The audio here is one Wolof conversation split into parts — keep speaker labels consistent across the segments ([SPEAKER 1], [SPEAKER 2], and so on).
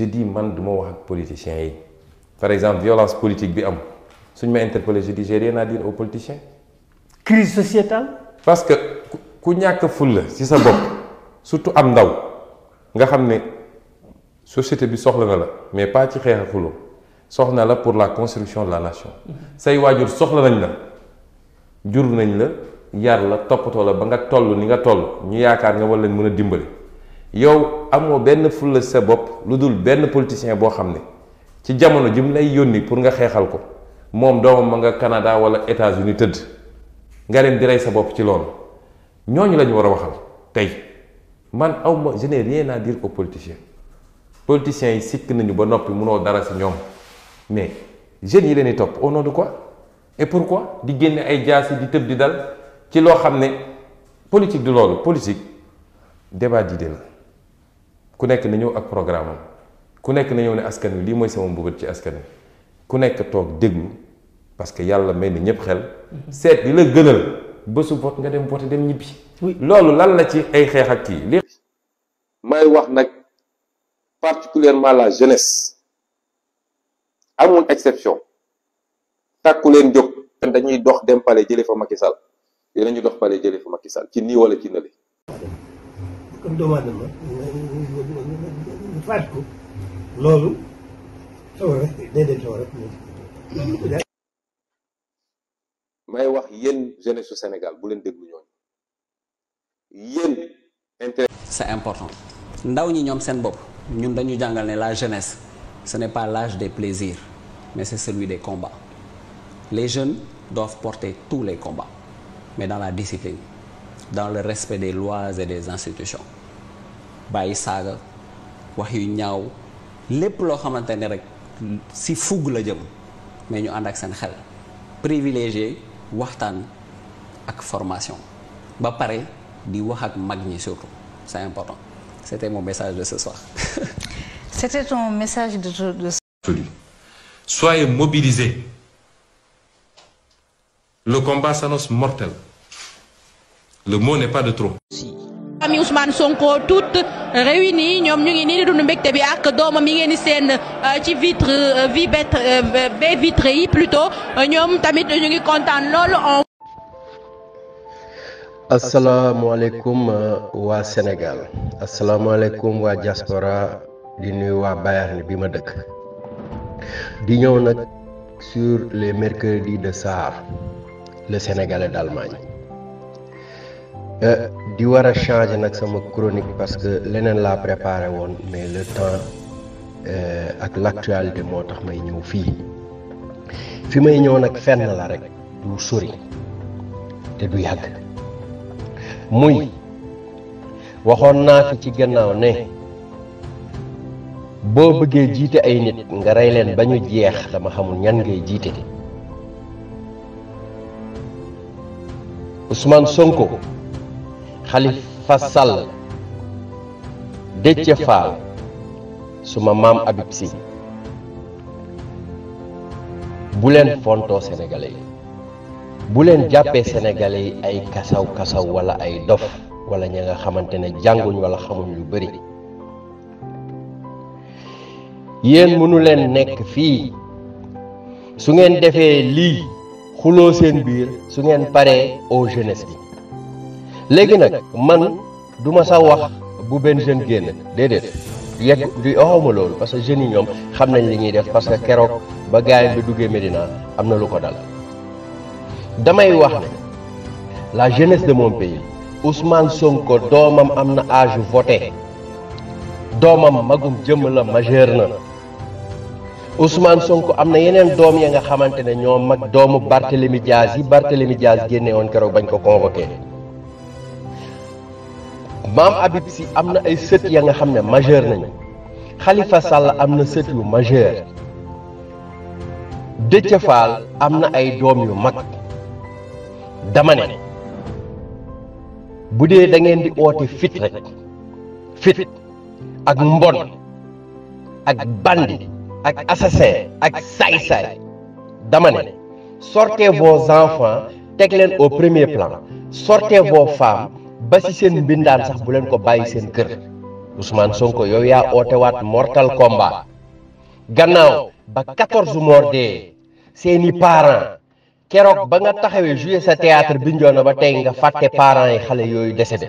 [SPEAKER 1] je dis man du ma wax ak politiciens yi par exemple violence politique bi am suñ ma interpellé je dis j'ai rien à dire aux politiciens.
[SPEAKER 2] crise sociétale.
[SPEAKER 1] parce que ku ñàkk ful ci sa bopp surtout am ndaw nga xam ne société bi soxla na la mais pas ci xeex a soxna la pour la construction de la nation say wajur soxla nañ la jur nañ la yar la toppatoo la ba nga toll ni nga toll ñu yaakaar nga war leen mën a dimbali yow amoo benn fulla sa bopp lu dul benn politicien boo xam ne ci jamono ji mu lay yónni pour nga xeexal ko moom doomam ma nga kanadaa wala États-Unis tëdd nga dem di rey sa bopp ci loolu ñooñu lañu war a waxal tey man awma je n'ai rien naa dire aux politiciens politiciens yi sikk nañu ba noppi munoo dara si ñoom mais jeunes yi leen di topp au nom de quoi et pourquoi di génne ay jaasi di tëb di dal ci loo xam ne politique du loolu politique débat d'idées la ku nekk na ñëw ak programme ku nekk na ñëw ne askan wi lii mooy sama mbëbët ci askan wi ku nekk toog déglu parce que yàlla may na ñëpp xel. Mhm. seet li la gënal bésu vote nga dem vote dem ñibbi. loolu lan la ci ay xeex ak kii li. may wax nag particulièrement la jeunesse amul exception tàkku leen jóg dañuy dox dem pale jële fa Macky Sall dinañu dox pale jële fa Macky sal ci nii wala ci nële.
[SPEAKER 3] c'est important Nous, ñi la jeunesse ce n'est pas l'âge des plaisirs mais c'est celui des combats les jeunes doivent porter tous les combats mais dans la discipline dans le respect des lois et des institutions bàyyi saaga wax yu ñaaw lepp lo xamante rek si fugg la jëm mais ñu and ak seen xel privilégé waxtaan ak formation ba paré di wax ak mag ñi surtout c'est important c'était mon message de ce soir.
[SPEAKER 4] c'était ton message de ce soir
[SPEAKER 3] soyez mobilisés
[SPEAKER 1] le combat s'annonce mortel le mot n'est pas de trop
[SPEAKER 5] famille Ousmane Sonko toutes réunies ñom ñu ngi ni di dund bi ak euh, ci vitre euh, euh, vitre plutôt ñom
[SPEAKER 6] tamit ñu ngi nous loolu
[SPEAKER 7] on wa Sénégal diaspora di nuyu wa Bayern bi ma dëkk di ñëw sur les mercredis de Sahar le Sénégalais d'Allemagne Euh, di war a changer nag sama chronique parce que leneen laa préparé woon mais le temps euh, ak l'actualité moo tax may ñëw fii fi may ñëw nag fenn la rek du sori te du yàgg muy waxoon naa fi ci gannaaw ne boo bëggee jiite ay nit nga rey leen ba ñu jeex dama xamul ñan ngay jiite Ousmane Sonko. Khalifa Sall Déthié Fall suma maam Habib bulan fonto leen fontoo sénégalais yi ay kasaw-kasaw wala ay dof wala ña nga xamante wala xamuñ lu bari yéen mënu leen nekk fii su ngeen defee lii xuloo biir su ngeen jeunesse léegi nag man du ma sa wax bu benn jeune génn déedéet yegg du waxuma parce que jeunes yi ñoom xam nañ li ñuy def parce que keroog ba gaayen bi duggee Médina am na lu ko dal damay wax ne la jeunesse de mon pays Ousmane Sonko doomam am na âge voté doomam magum jëmm la majeur na Ousmane Sonko am na yeneen doom ya nga xamante ne ñoom mag doomu Barthélémy Diaz yi Barthélémy Diaz génne woon keroog bañ ko convoqué maam Habib si am na ay sët ya nga xam ne majeur nañu xalifa Sall am na sët yu majeur Déthié am na ay doom yu mag dama ne bu dee da ngeen di oote fit rek fit ak mbon ak bandi ak assassin ak saay-saay dama ne sortez vos enfants teg leen au premier plan sortez vos femmes ba ci seen mbindaan sax bu leen ko bàyyi seen kër Ousmane Sonko yow yaa ootewaat mortal combat gannaaw ba 14 morts dee seeni parents keroog ba nga taxawee jouer sa théâtre bi njoona ba tey nga fàtte parents yi xale yooyu décédé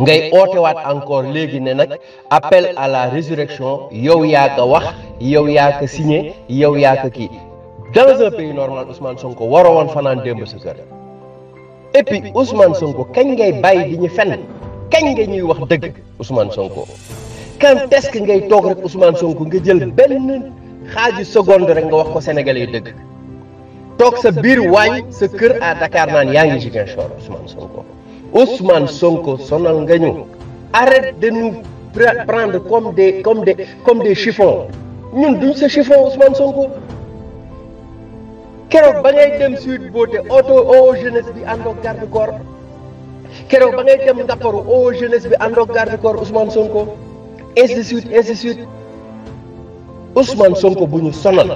[SPEAKER 7] ngay ootewaat encore léegi ne nag appel à la résurrection yow yaa ko wax yow yaa ko signé yow yaa ko kii dans un pays normal Ousmane Sonko waroon fanaan démb sa kër. et puis Ousmane Sonko kañ ngay bàyyi di ñu fenn kañ nga ñuy wax dëgg Ousmane Sonko quand est-ce ngay toog rek Ousmane Sonko nga jël benn xaaju seconde rek nga wax ko Sénégalais yu dëgg toog sa biir waañ sa kër à Dakar naan yaa ngi Ziguinchor Ousmane Sonko Ousmane Sonko sonal nga ñu arrête de nous prendre comme des comme des comme ñun duñ sa chiffon Ousmane Sonko. keroog ba ngay dem boo Beauté auto oo jeunesse bi àndoog garde corps keroog ba ngay dem Ndakaaru oo jeunesse bi àndoog garde corps Ousmane Sonko ainsi de suite ainsi de suite bu ñu sonal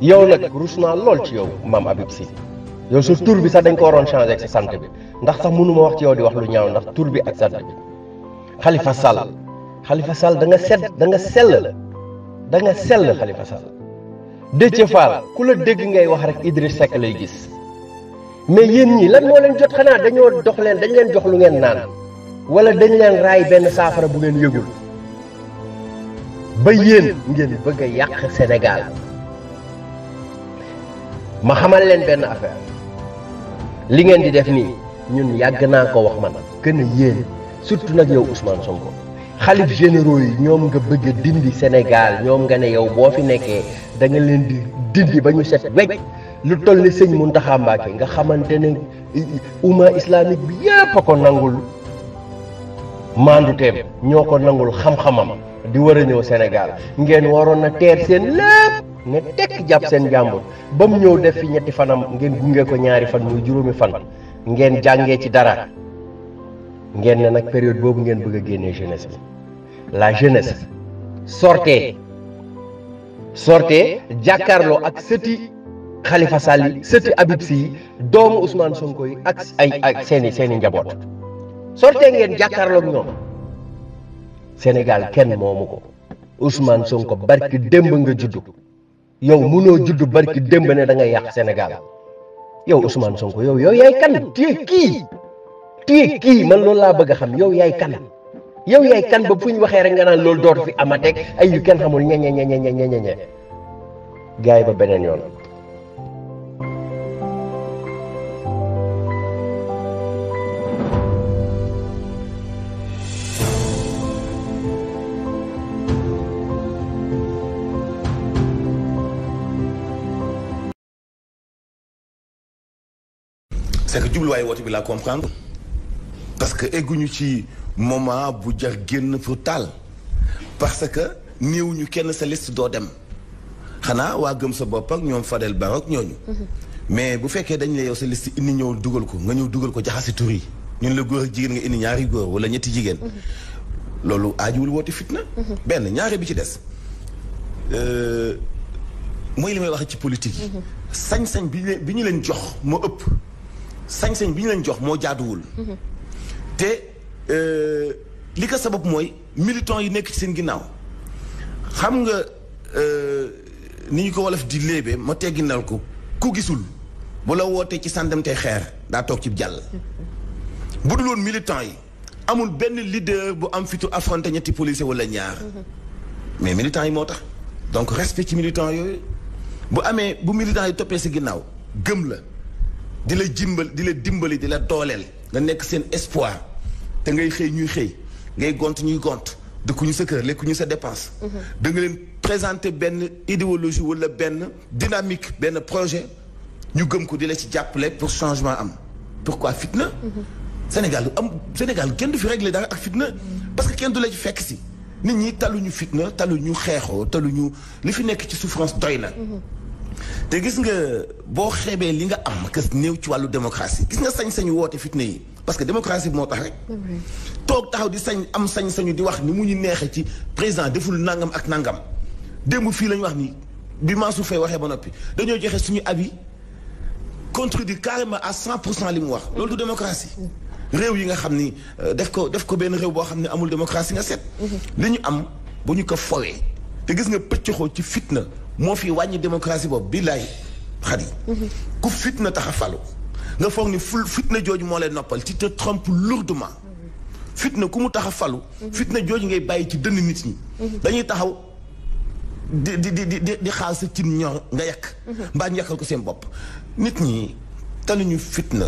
[SPEAKER 7] yow nag rus naa lool ci yow maam Habib Sy yow sa tur bi sax dañ ko waroon changé ak sa sant bi ndax sax mënuma wax ci yow di wax lu ñaaw ndax tur bi ak sant bi Khalifa Sall Khalifa Sall da nga set da nga sell da nga sell xalifa Sall. Déthié Fall ku la dégg ngay wax rek Idriss sek lay gis mais yeen ñi lan mo leen jot xana dañu dox leen dañ leen jox lu ngeen naan wala dañ leen raay ben safara bu ngeen yëgul ba yeen ngeen bëgg yaq yàq Sénégal ma xamal leen ben affaire li ngeen di def ni ñun yag na ko wax man gën yeen surtout nak yow Ousmane Sonko xalif généraux yi ñoom nga bëgg a dindi senegaal ñoom nga ne yow boo fi nekkee da leen di dindi ba ñu set wecc lu toll ni sëñ Mountakha Mbacké nga xamante ne umma islamique bi yépp a ko nangul maanduteem ñoo ko nangul xam-xamam di war a ñëw Sénégal ngeen waroon na teer seen lépp ne tekk jàpp seen jàmbur ba mu ñëw def fi ñetti fanam ngeen gunge ko ñaari fan muy juróomi fan ngeen jàngee ci dara ngeen ne nak période bobu ngeen bëgg a jeunesse la jeunesse sorté sorté jakarlo ak seuti Khalifa sali seuti abib si Sy Ousmane Sonko yi ak ay ak seeni seeni njabot sorté ngeen jakarlo ak ñoom Sénégal kenn momuko Ousmane Sonko barki demb nga juddu yow mëno juddu barki demb ne da nga yàq Sénégal yow Ousmane Sonko yow yow yay kan tu Tiki kii man lool la bëgg xam yow yaay kan yow yaay kan ba buñ ñu rek nga naan lool door fi amateeg ay yu kenn xamul ñeñe ñeñe ñeñe ñeñe gaay ba benen yoon
[SPEAKER 1] c'est que jubluwaay woote comprendre
[SPEAKER 8] parce que egguñu ci moment bu jar génn pour taal parce que néew ñu kenn sa list doo dem xanaa waa gëm sa bopp ak ñoom Fadel Barok ñooñu. mais bu fekkee dañ la yow sa liste indi ñëw dugal ko nga ñëw dugal ko jaxasi tur yi ñun la góor ak jigéen nga indi ñaari góor wala ñetti jigéen. loolu aajuwul woote fitna. benn ñaari bi ci des euh, mooy li may wax ci politique yi. sañ-sañ bi bi ñu leen jox moo ëpp sañ-sañ bi ñu leen jox moo jaaduwul. Et... Euh, lika c'est sabab moy, militants yi nek ci sen ginnaw xam nga euh, ni niñ ko wolof di lébé ma ko ku gisul bu la ci ci militant amul leader bu am fitu affronté ñetti police wala ñaar mais militants yi donc respect militant bu militant yi topé si ginnaw gëm la di la jimbal dimbali espoir te ngay xëy ñuy xey ngay gont ñuy gont de kuñu sa kër lekkuñu sa dépense. Mhm. da nga leen présenter benn idéologie wala benn dynamique benn projet ñu gëm ko di la ci jàppale pour changement am pourquoi fitna. Mhm. Sénégal am Sénégal kenn du fi régler dara ak fitna parce que kenn du la ci fekk si nit ñi taluñu fitna taluñu xeexoo taluñu li fi nekk ci souffrance doy na. Mhm. De gis nga bo xébé li nga am démocratie gis nga sañ sañ woté fitna parce que démocratie mo tax rek. di sañ am sañ-sañu di wax ni mu ñu ci président deful nangam ak nangam Demu fi la wax ni bi fay waxé ba avis carrément à 100 démocratie. réew yi nga xamni euh, def ko ko amul démocratie nga mm-hmm. fitna moo fi wàññi démocratie boobu billaay Khadi. yi mhm. ku fitna tax nga foog ni ful fitna jooju mo len noppal ci te trompe lourdement mhm. fitna kumu mu mhm. fitna jooju ngay bàyyi ci deun nit ñi dañuy taxaw di di di di di xal sa cin ñor nga yak. mbaa ñu yàqal ko seen bop. nit ñi taluñu fitna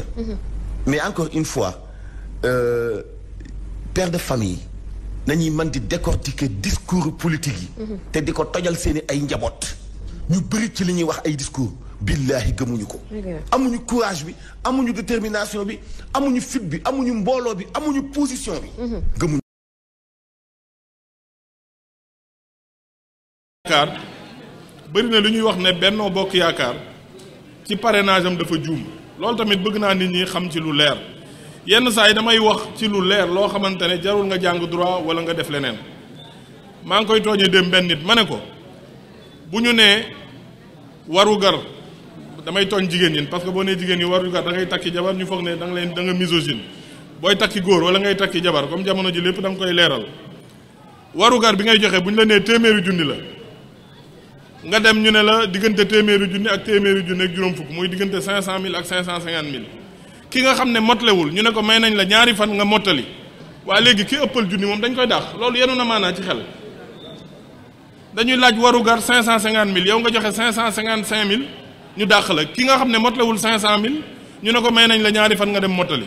[SPEAKER 8] mais encore une fois euh père de famille nañuy mën di décortiquer discours politique yi. te di ko tojal seeni ay njaboot. ñu bëri ci li ñuy wax ay discours. billaahi
[SPEAKER 9] gëmuñu ko. amuñu courage bi amuñu détermination bi amuñu fit bi amuñu mbooloo
[SPEAKER 10] bi amuñu position bi. Mhm. gëmuñu.
[SPEAKER 11] bëri na lu ñuy wax ne Benno Bokk Yaakaar
[SPEAKER 12] ci parrainage am loolu tamit bëgg naa nit ñi xam ci leer. yenn saay damay wax ci lu leer loo xamante ne jarul nga jàng droit wala nga def leneen maa ngi koy tooñe dem benn nit ma ko bu ñu nee warugar damay tooñ jigéen ñi parce que boo nee jigéen waru warugar da ngay takki jabar ñu foog ne da ngay da nga misogyne booy takki góor wala ngay takki jabar comme jamono ji lépp da nga koy leeral warugar bi ngay joxe buñ la nee téeméeri junni la nga dem ñu ne la diggante téeméeri junni ak téeméeri junni ak juróom fukk muy diggante cinq ak cinq cent cinquante ki nga xamne ne wul ñu ne ko may nañ la ñaari fan nga motali wa léegi ki ëppal junni mom dañ koy dax loolu yenu na mana ci xel dañuy laaj waru gar 550 000 yow nga joxe 555 000 ñu dax la ki nga xamne ne wul 500 000 ñu ne ko may nañ la ñaari fan nga dem motali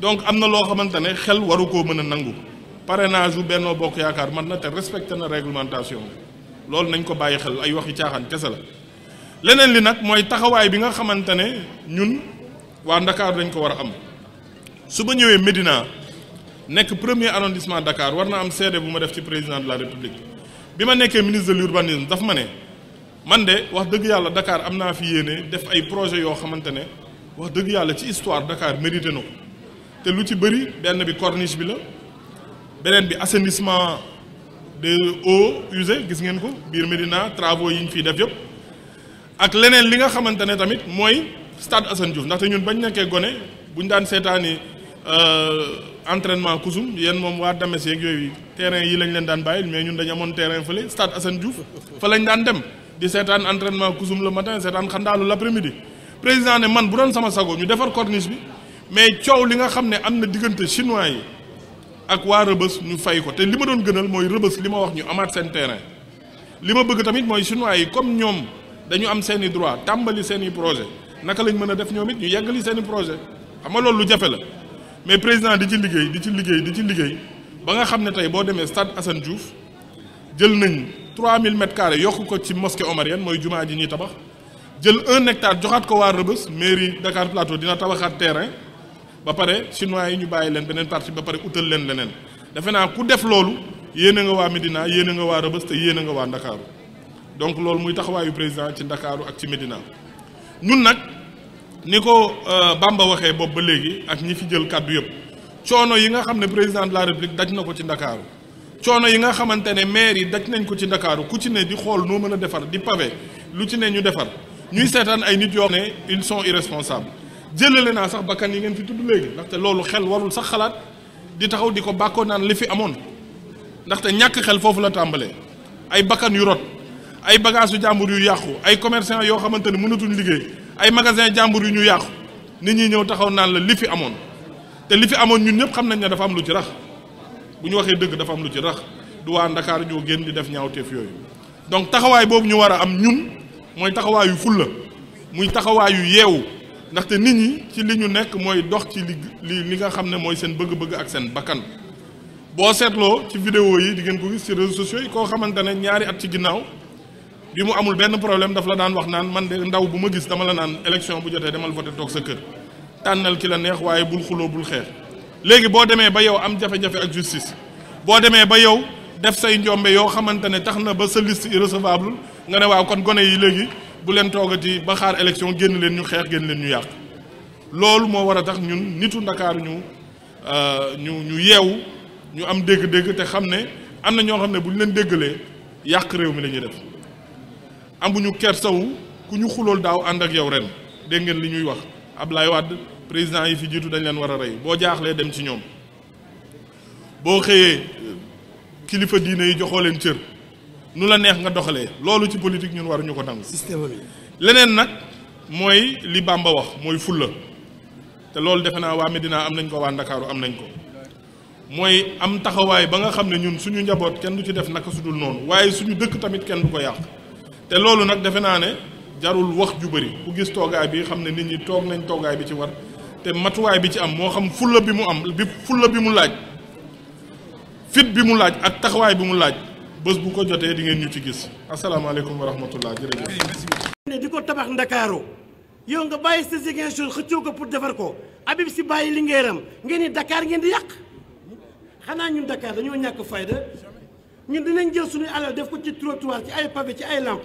[SPEAKER 12] donc amna lo xamantene xel waru ko mën nangu parrainage bu bennoo bokk man na te respecté na réglementation bi loolu nañ ko bàyyi xel ay waxi caaxaan kessa la leneen li nag mooy taxawaay bi nga xamantene ñun waa Dakar dañ ko war a am su ma ñëwee Médina nekk premier arrondissement Dakar war na am seede bu ma def ci président de la République bi ma nekkee ministre de l'urbanisme daf ma ne man de wax dëgg yàlla dakaar am naa fi yéene def ay projet yoo xamante ne wax dëgg yàlla ci histoire Dakar mérité na ko te lu ci bëri benn bi corniche bi la beneen bi assainissement des eaux usées gis ngeen ko biir Médina travaux yi ñu fiy def yëpp ak leneen li nga xamante ne tamit mooy. stade Assane Diouf ndaxte ñun bañ nekkee gone bu ñu daan seetaani euh, entraînement kusum yéen moom waa Dames yooyu terrain yi lañ leen daan bàyyil mais ñun dañu amoon terrain fële stade Assane Diouf fa lañ dem di seetaan entraînement kusum le matin seetaan xandaalu l' après midi président ne man bu doon sama sago ñu defar corniche bi mais coow li nga xam ne am na diggante chinois yi ak waa rëbës ñu fay ko te li ma doon gënal mooy rëbës li ma wax ñu amaat seen terrain li ma bëgg tamit mooy chinois yi comme ñoom dañu am seen i droit tàmbali seen i projet naka lañ mën a def ñoom it ñu yeggali seen projet xam lu jafe la mais président di ci liggéey di ci liggéey di ci liggéey ba nga xam ne tey boo demee stade Assane Diouf jël nañ 3000 mètres carrés yokk ko ci mosquée omarienne mooy jumaa ji ñuy tabax jël un hectare joxaat ko waa Rebeuss mairie Dakar Plateau dina tabaxaat terrain ba pare chinois yi ñu bàyyi leen beneen partie ba pare utal leen leneen defe naa ku def loolu yéene nga waa Médina yéene nga waa Rebeuss te yéene nga waa Ndakaaru donc loolu muy taxawaayu président ci Ndakaaru ak ci Médina ñun nag ni ko euh, Bamba waxee boobu ba léegi ak ñi fi jël kàddu yëpp coono yi nga xam ne président de la république daj na ko ci ndakaaru coono yi nga xamante ne maire yi daj nañ ko ci ndakaaru ku ci ne di xool noo mën a defar di pavé lu ci ne ñu defar ñuy seetaan ay nit yoo ne ils sont irresponsables jëlale naa sax bakkan yi ngeen fi tudd léegi ndaxte loolu xel warul sax xalaat di taxaw di ko bàkkoo naan li fi amoon ndaxte ñàkk xel foofu la tàmbalee ay bakkan yu rot ay bagage yu jàmbur yu yàqu ay commerçant yoo xamante ne mënatuñ liggéey ay magasin jàmbur yu ñu yàqu nit ñi ñëw taxaw naan la li fi amoon te li fi amoon ñun ñëpp xam nañ ne dafa am lu ci rax bu ñu waxee dëgg dafa am lu ci rax du waa Ndakaar ñoo génn di def ñaawteef yooyu donc taxawaay boobu ñu war a am ñun mooy taxawaayu fulla muy taxawaayu yeewu ndaxte nit ñi ci li ñu nekk mooy dox ci li li li nga xam ne mooy seen bëgg-bëgg ak seen bakkan boo seetloo ci vidéo yi di ngeen ko gis ci réseaux koo xamante ne ñaari at ci ginnaaw bimu amul benn problème daf la daan wax naan man de ndaw bu ma gis dama la naan élection bu jotee demal voté toog sa kër tànnal ki la neex waaye bul xuloo bul xeex léegi boo demee ba yow am jafe-jafe ak justice boo demee ba yow def say njombe yoo xamante ne tax na ba sa liste irrecevable nga ne waaw kon gone yi léegi bu leen toogati ba xaar élection génn leen ñu xeex génn leen ñu yàq loolu moo war a tax ñun nitu ndakaaru ñu ñu ñu yeewu ñu am dégg-dégg te xam ne am na ñoo xam ne bu ñu leen déggalee yàq réew mi la ñuy def amuñu kersawu ku ñu xulool daaw ànd ak yow ren dégg ngeen li ñuy wax Ablaye Wade président yi fi jiitu dañ leen war a rey boo jaaxlee dem ci ñoom boo xëyee kilifa diine yi joxoo leen cër nu la neex nga doxalee loolu ci politique ñun war ñu ko nangu. système bi leneen nag mooy li bàmba wax mooy fulla te loolu defe naa waa Medina am nañ ko waa Ndakaaru am nañ ko mooy am taxawaay ba nga xam ne ñun suñu njaboot kenn du ci def naka sudul noonu waaye suñu dëkk tamit kenn du ko yàq. te loolu nag defe naa ne jarul wax ju bari ku gis toogaay bi xam ne nit ñi toog nañ toogaay bi ci war te matuwaay bi ci am moo xam fulla bi mu am bi fulla bi mu laaj fit bi mu laaj ak taxawaay bi mu laaj bés bu ko jotee di ngeen ñu ci gis asalaamaaleykum wa rahmatullah jërëjëf
[SPEAKER 13] ne di ko tabax ndakaaro yow nga bàyyi sa Ziguinchor xëccoo ko pour defar ko Habib si bàyyi Linguèram ngeen di dakaar ngeen di yàq xanaa ñu Dakar dañoo ñàkk fayda ñun dinañ jël suñuy alal def ko ci trottoir ci ay pavé ci ay lampe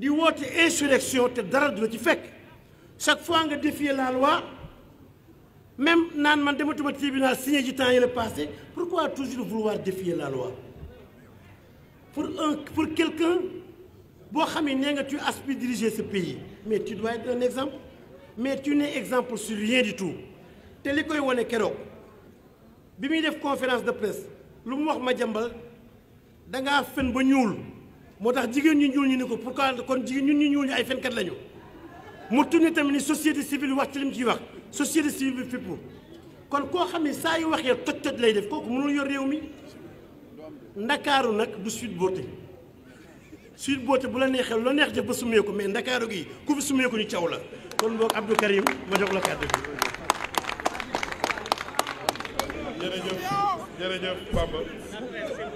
[SPEAKER 13] di woote insurrection te dara de chaque fois nga défier la loi même Nan man dematuma tribunal signé du temps le passé pourquoi toujours vouloir défier la loi pour un pour quelqu'un boo xam nga tu aspires diriger ce pays mais tu dois être un exemple mais tu n'es exemple sur rien du tout te li koy wane Quand bi fait def conférence de presse lu mu wax ma jàmbal dangaa fen ba ñuul moo tax jigéen ñu ñuul ñu ni ko pourquoi kon jigéen ñun ñu ñuul ñu ay fenkat lañu mu tunni tamit ni société civile wax ci li mu ciy wax société civile bi fippu kon koo xam ne saa yu waxee toj toj lay def kooku mënul yor réew mi ndakaaru nag du Sweet Beauté Sweet boote bu la neexee lu la neex def ba sumee ko mais ndakaaru gi ku fi sumee ko ñu caw la kon boog Abdou Karim ma jox la kàddu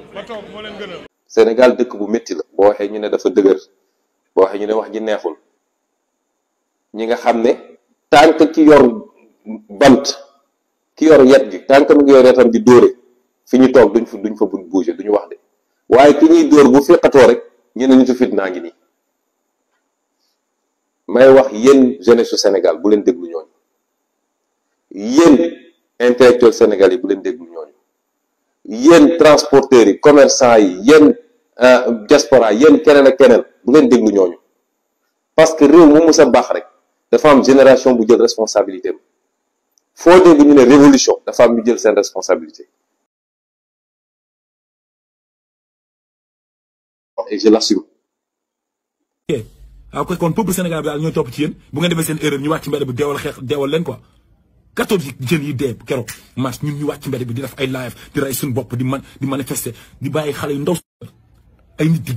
[SPEAKER 1] bi moo leen gënal Senegal dëkk bu metti la bo waxe ñu ne dafa dëgër bo waxe ñu ne wax ji neexul ñi nga xam ne tànk ki yor bant ki yor yet gi tank mu yor yetam di dóore fi ñu toog duñ fu duñ fa bu bouger duñ wax de waye ki ñi dóor bu fiqato rek ñu ne ñu fit fitna ngi ni may wax yeen jeunesse senegal bu leen déglu ñoo yeen intellectuel sénégal yi bu leen ñoo yéen transporteur yi commerçants yi yéen euh, diaspora yéen keneen ak keneen bu ngeen déglu ñooñu parce que réew mu musa baax rek dafa am génération bu jël responsabilité am foo dégg ñu ne révolution dafa am ñu jël seen responsabilité
[SPEAKER 10] et je l'assume waaw kon peuple Sénégal bi daal ñooy topp ci yéen bu ngeen defee seen erreur ñu wàcc mbedd bu deewal
[SPEAKER 14] xeex deewal leen quoi quatorze jeunes yi dee keroog mars ñun ñu wàcc mbedd bi di def ay live di rey suñu bopp di man di bàyyi xale yu ndaw ay nit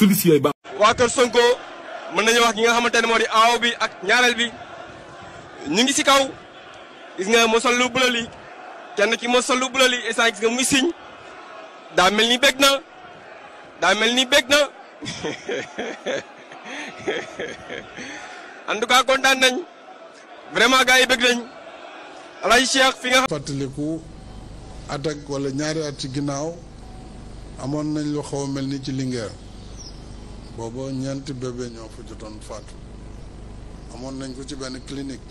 [SPEAKER 14] yooyu ñoom Sonko
[SPEAKER 15] mën nañu wax ñi nga xamante moo di aaw bi ak ñaareel bi ñu ngi si kaw gis nga moo sol lu bula li kenn ki moo lu bula li instant gis nga muy siñ daa mel ni bég na daa mel ni bég na en tout cas nañ vraiment gars yi bég nañ Alaaji Cheikh
[SPEAKER 16] fi nga. fàttaliku wala ñaari ci ginnaaw amoon nañ lu xaw a mel ni ci Linguère booba ñeenti bébé ñoo jotoon faatu amoon nañ ko ci benn clinique.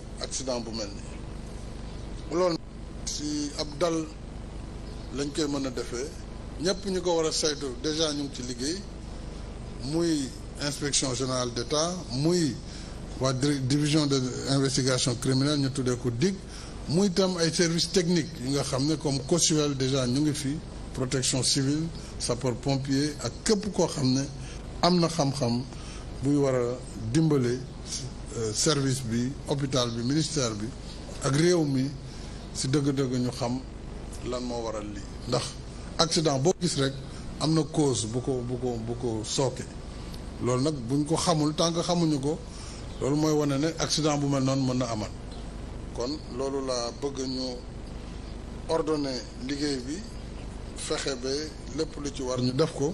[SPEAKER 16] accident bu melni lool si Abdal lañ koy mëna défé ñepp ñu ko a saytu déjà ñu ngi ci liggéey muy inspection générale d'État muy wa division de investigation criminelle ñu tuddee ko dig muy tam ay service technique, yi nga xamné comme COSUEL déjà ñu ngi fi protection civile sapeur pompier ak képp ko xamné amna xam-xam buy wara a Euh, service bi hôpital bi ministère bi ak réew mi si dëgg-dëgg ñu xam lan moo waral li ndax accident boo gis rek am na cause bu ko bu ko bu ko sooke loolu nag buñ ko xamul tànk xamuñu ko loolu mooy wane ne accident bu mel noon mën na amal kon loolu laa bëgg ñu ordonné liggéey bi fexe ba lépp lu ci war ñu def ko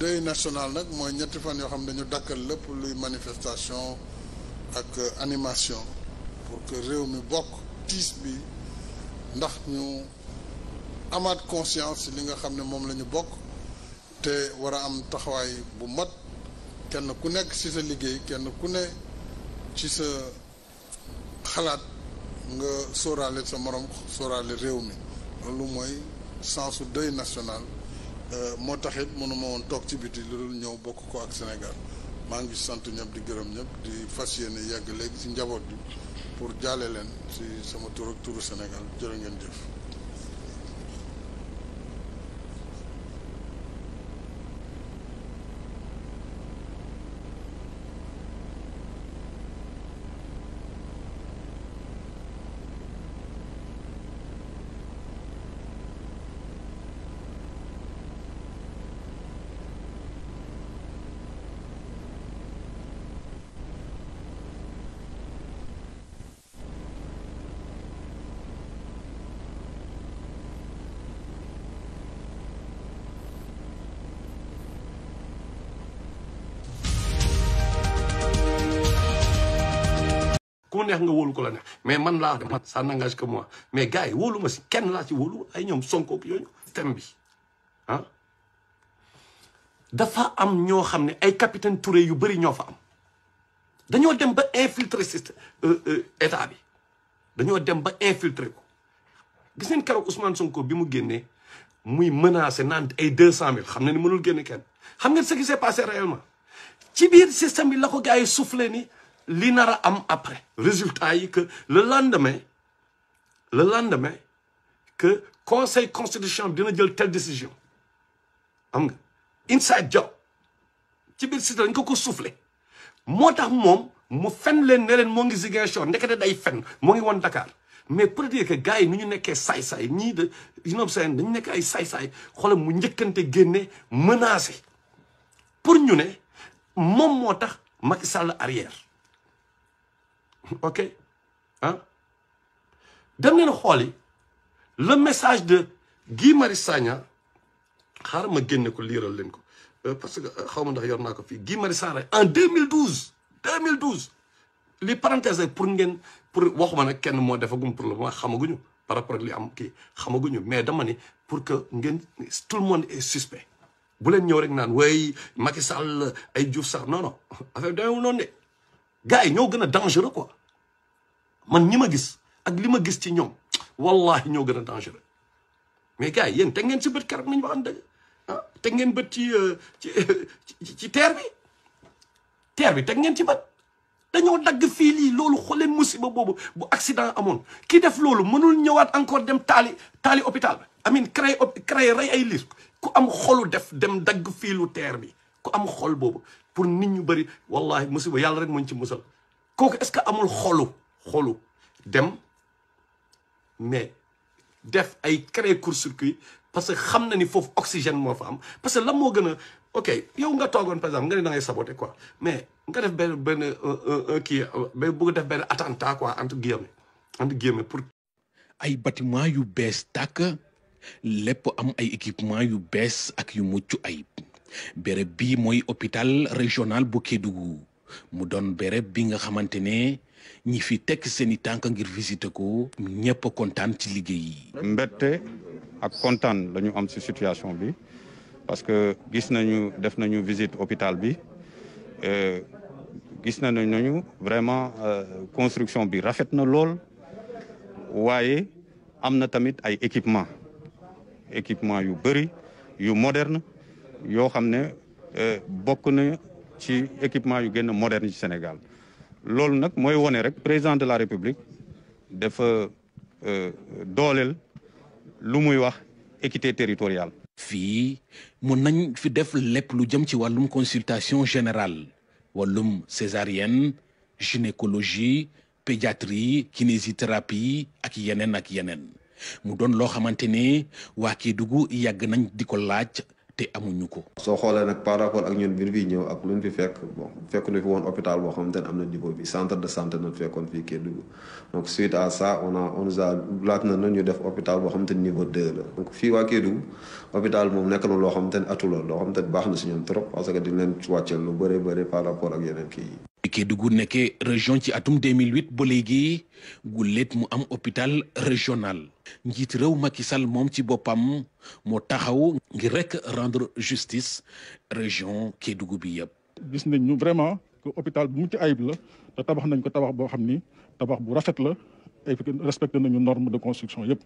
[SPEAKER 16] deuil national nag mooy ñetti fan yoo xam ne dañu dàkkal lépp luy manifestation ak animation pour que réew mi bokk tiis bi ndax ñu amaat conscience li nga xam ne moom lañu bokk te war a am taxawaay bu mat kenn ku nekk ci sa liggéey kenn ku ne ci sa xalaat nga sóoraale sa morom sóoraale réew mi loolu mooy sensu deuil national Euh, moo taxit mënuma woon toog ci biti lu dul ñëw bokk ko ak Sénégal maa ngi sant ñëpp di gërëm ñëpp di fas yéene yàgg léegi ci njaboot bi pour jaale leen ci sama tur ak turu Sénégal jërë ngeen jëf.
[SPEAKER 17] mu neex nga wóolu ko la neex mais man laa man ça n'engage que moi mais gars yi wóolu ma si kenn laa ci wóolu ay ñoom sonkoo yooyu thème bi ah dafa am ñoo xam ne ay capitaine Touré yu bëri ñoo fa am dañoo dem ba infiltrer système euh, euh, état bi dañoo dem ba infiltrer ko gis ngeen keroog Ousmane Sonko bi mu génnee muy menacé naan ay deux cent mille xam na ni mënul génne kenn xam ngeen ce qui s'est passé réellement ci biir système bi la ko gars yi soufflé ni li nar am après résultat yi que le lendemain le lendemain que conseil constitutionnel dina jël telle décision am nga inside job ci biir site dañ ko ko soufflé Moi tax moom mu fen leen ne len mo ngi Ziguinchor nekete day fen mo ngi won Dakar mais pour dire que gars yi nu ñu nekkee saay-saay ni de ñoom seen dañu nekk ay saay-saay xolam mu ñëkënte génne menacer pour ñu né mom motax Macky Sall arrière ok ah dem leen xool le message de Guy Marius Sagna xaaral ma génne ko liiral len ko euh, parce que euh, xawma ndax yor naa ko Guy Marius en 2012 2012 les parenthèses pour ngeen pour waxuma nak kenn mo defagum problème xamaguñu par rapport ak li am kii xamaguñu mais dama ni pour que ngeen tout le monde est suspect bu leen ñëw rek naan way Macky Sall ay Diouf sax non non affaire bi demeewul non. de gars yi ñoo gën dangereux quoi man ñima gis ak lima gis ci ñom wallahi ñoo gëna a dangereux mais tengen yeen te ngeen ci bëtt kër nañu waxan dëgg ah, ngeen bëtt euh, ci ci ci terre bi terre bi te ngeen ci bëtt dañoo dag fi li loolu xolé musiba bobu bu accident amone ki def loolu mënul ñëwaat encore dem tali tali hôpital amin créé créé ray ay liir ku am xolu def dem fi lu terre bi ku am xol bobu pour nit ñu bari wallahi musiba yalla rek moñ ci musal koku est ce que amul xolu xolu dem mais def ay créer court-circuit parce que xam na ni foofu oxygène moo fa am parce que lan moo gën a ok yow nga toogoon par exemple nga ne da ngay saboter quoi mais nga def benn benn euh, euh, euh, kii ba bëgg def benn attentat quoi entre guillemets entre guillemets pour. ay bâtiment
[SPEAKER 18] yu bees tàkk lépp am ay équipement yu bees ak yu mucc ay béréb bii mooy hôpital régional bu Kédougou mu doon béréb bi nga xamante ne. Nyi fi tek senitan kan gir vizite ko, nyepo kontan ti ligye yi.
[SPEAKER 1] Mbet te ak kontan lanyou amsi sityasyon bi. Paske gisnen yu defnen yu vizit opital bi. Euh, gisnen yu vreman konstruksyon euh, bi. Rafet nou lol, waye amnatamit ay ekipman. Ekipman yu beri, yu modern. Yow hamne euh, bokne ti ekipman yu gen modern di Senegal. loolu nag mooy wone rek président de la république dafa euh, dooleel lu muy wax équité territoriale. fii mën nañ fi def
[SPEAKER 18] lépp lu jëm ci wàllum consultation générale wàllum césarienne gynécologie pédiatrie kinésithérapie ak yeneen ak yeneen mu doon loo xamante ni waa Kédougou yàgg nañ di ko laaj. te amuñu ko. soo
[SPEAKER 2] xoolee nag par rapport ak ñun bi ñu fiy ñëw ak lu ñu fi fekk bon fekk nu fi woon hôpital boo xamante ne am na niveau bi centre de santé nañ fekkoon fii Kédougou donc suite à ça on a on nous a laaj na ñu def hôpital boo xamante ne niveau 2 la. donc fii waa Kédougou hôpital moom nekk na loo xam ne atu la loo xam ne baax na si ñoom trop parce que di leen wàcceel lu bëree bëri par rapport ak yeneen kii yi.
[SPEAKER 18] Kédougou nekkee région ci atum 2008 ba léegi gu léet mu am hôpital régional. njiit rew Macky Sall moom ci bopam mo taxaw ngir rek rendre justice
[SPEAKER 12] région Kédougou bi yeb gis nañ ñu vraiment que hôpital bu mu ci ayib la te tabax nañ ko tabax bo xamni tabax bu rafet la et respecté nañu norme de construction yeb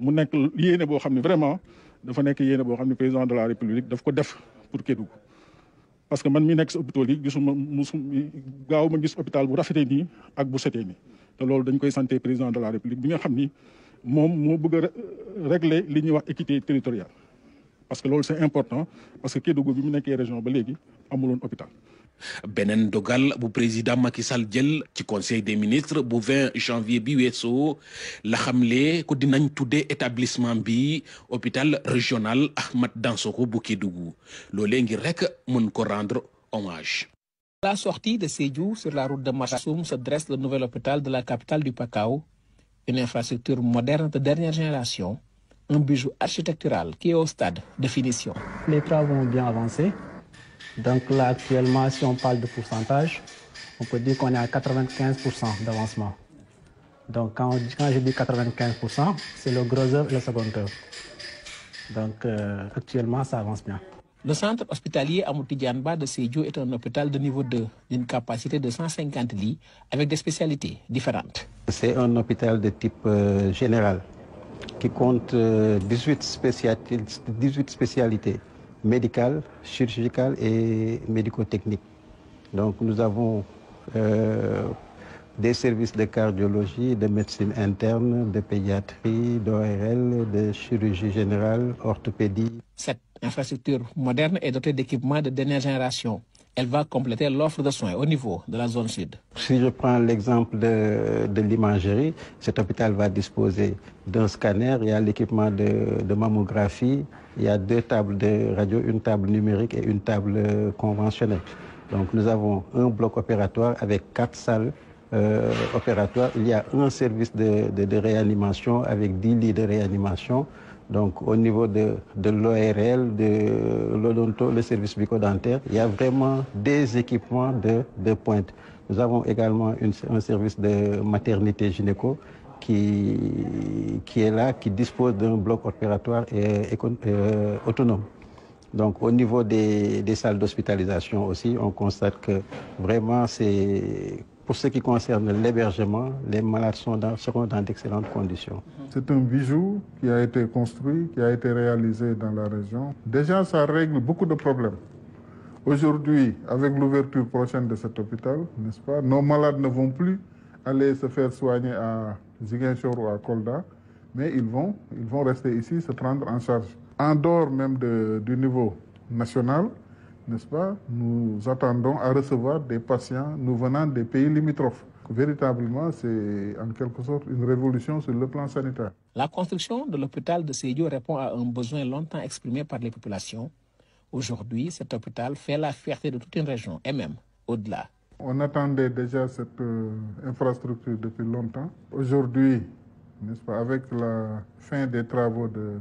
[SPEAKER 12] mu nek yéene bo xamni vraiment dafa nek yéene bo xamni président de la république daf ko def pour Kédougou. parce que man mi nek hôpital yi gisuma musum gaaw ma gis hôpital bu rafetee ni ak bu setee ni te lolou dañ koy santé président de la république bi nga xamni moom régler l'équité équité territoriale parce que c'est important parce que Kédougou bi mu nekkee région ba a un hôpital.
[SPEAKER 18] Benen dogal le président Macky Sall jël ci conseil des ministres le 20 janvier bi a la xamle l'établissement dinañ établissement bi hôpital régional Ahmad Dansokho bu Kédougou loolee ce rek mën rendre hommage.
[SPEAKER 3] À la sortie de Sédhiou sur la route de Massoum se dresse le nouvel hôpital de la capitale du Pakao une infrastructure moderne de dernière génération, un bijou architectural qui est au stade de finition. Les travaux ont bien
[SPEAKER 2] avancé. Donc là, actuellement, si on parle de pourcentage, on peut dire qu'on est à 95% d'avancement. Donc quand, je dis 95%, c'est le gros œuvre et le second œuvre. Donc euh, actuellement, ça avance bien.
[SPEAKER 3] Le centre hospitalier Amoutidjanba de Sédio est un hôpital de niveau 2 d'une capacité de 150 lits
[SPEAKER 2] avec des spécialités différentes. C'est un hôpital de type euh, général qui compte 18, euh, spécialités, médicales, chirurgicales et médico-techniques. Donc nous avons euh, des services de cardiologie, de médecine interne, de pédiatrie, d'ORL, de chirurgie générale, orthopédie infrastructure
[SPEAKER 3] moderne et dotée d'équipements de dernière génération. Elle va compléter l'offre de soins au niveau de la zone sud.
[SPEAKER 2] Si je prends l'exemple de, de l'imagerie, cet hôpital va disposer d'un scanner, il y a l'équipement de, mammographie, il y a deux tables de radio, une table numérique et une table euh, conventionnelle. Donc nous avons un bloc opératoire avec quatre salles euh, opératoires. Il y a un service de, de réanimation avec 10 lits de réanimation. Donc au niveau de, l'ORL, de l'odonto, le service bucco-dentaire, il y a vraiment des équipements de, de pointe. Nous avons également un service de maternité gynéco qui, qui est là, qui dispose d'un bloc opératoire et, euh, autonome. Donc au niveau des, des salles d'hospitalisation aussi, on constate que vraiment c'est pour ce qui concerne l'hébergement, les malades sont dans, seront dans d'excellentes conditions.
[SPEAKER 11] C'est un bijou qui a été construit, qui a été réalisé dans la région. Déjà, ça règle beaucoup de problèmes. Aujourd'hui, avec l'ouverture prochaine de cet hôpital, n'est-ce pas, nos malades ne vont plus aller se faire soigner à Ziguinchor ou à Kolda, mais ils vont, ils vont rester ici, se prendre en charge. En dehors même de, du niveau national, n'est-ce pas Nous attendons à recevoir des patients nous venant des pays limitrophes. Véritablement, c'est en quelque sorte une révolution sur le plan sanitaire.
[SPEAKER 3] La construction de l'hôpital de Sédio répond à un besoin longtemps exprimé par les populations. Aujourd'hui, cet hôpital fait la fierté de toute une région et même au-delà.
[SPEAKER 11] On attendait déjà cette euh, infrastructure depuis longtemps. Aujourd'hui, n'est-ce pas, avec la fin des travaux de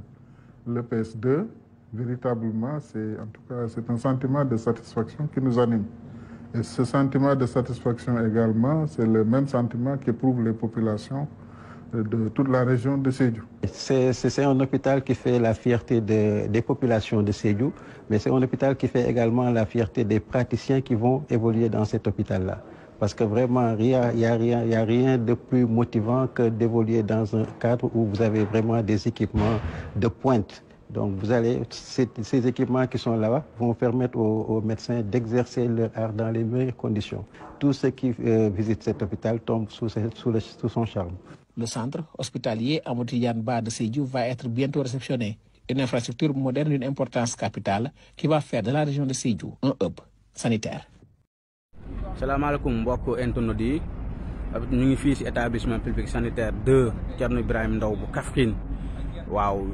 [SPEAKER 11] l'EPS 2, véritablement, c'est en tout cas c'est un sentiment de satisfaction qui nous anime. Et ce sentiment de satisfaction également, c'est le même sentiment qu'éprouvent les populations euh, de toute la région de Sédou.
[SPEAKER 2] C'est un hôpital qui fait la fierté des populations de Sédou, mais c'est un hôpital qui fait également la fierté des praticiens qui vont évoluer dans cet hôpital-là. Parce que vraiment, il n'y a rien de plus motivant que d'évoluer dans un cadre où vous avez vraiment des équipements de pointe donc vous allez, ces, équipements qui sont là-bas vont permettre aux, médecins d'exercer leur art dans les meilleures conditions. Tous ceux qui euh, visitent cet hôpital tombent sous, son charme. Le centre hospitalier Amotiyan de
[SPEAKER 3] Seyou va être bientôt réceptionné. Une infrastructure moderne d'une importance capitale qui va faire de la région de Seyou un hub sanitaire.
[SPEAKER 19] Salam alaikum, établissement public sanitaire de Ndaw Waouh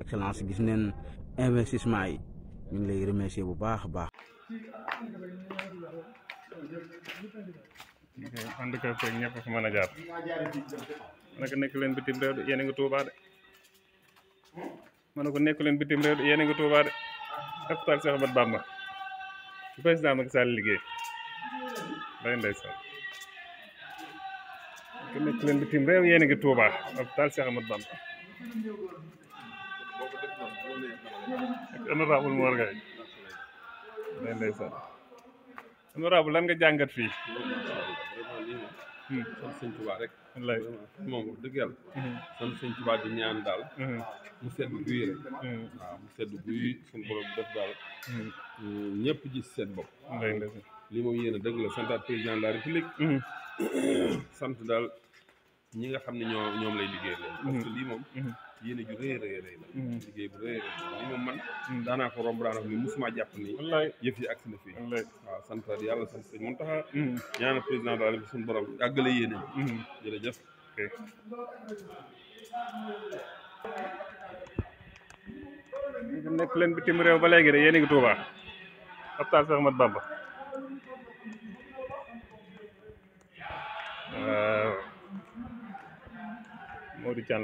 [SPEAKER 19] excellence gis neen investissement yi ñu ngi bu
[SPEAKER 12] baax a baax. ànd ko feeg a jaar ma ne ko nekk leen bitim réew yéen ngi Tuubaa de ma ne ko nekk leen bitim réew yéen ngi Tuubaa de capital Cheikh Bamba bu président Macky Sall liggéey day ndeysaan nekk leen bitim a ngi Tuubaa capital Cheikh Ahmadou Bamba ak honorable Mor Ngaye day ndeysaan honorable lan nga jàngat fii hmm. sant rek wallaay dëgg yàlla hmm. sant ñaan daal hmm. mu sedd sedd guy suñu borom ñëpp gis seen bopp li moom yéen a dëgg sant daal ñi nga xam ne ñoo ñoom lay liggéey loolu moom yéene ju rëy rëy la mm. liggéey bu rëy rëy li man mm. daanaa ko romb ni musuma jàpp ni yëf yi agsi na fii waaw sant yàlla sant sëñ mm. ñaanal président daal bi suñu borom àggale yéene jërëjëf nekk leen bitim réew ba ngi Touba Cheikh Bamba euh,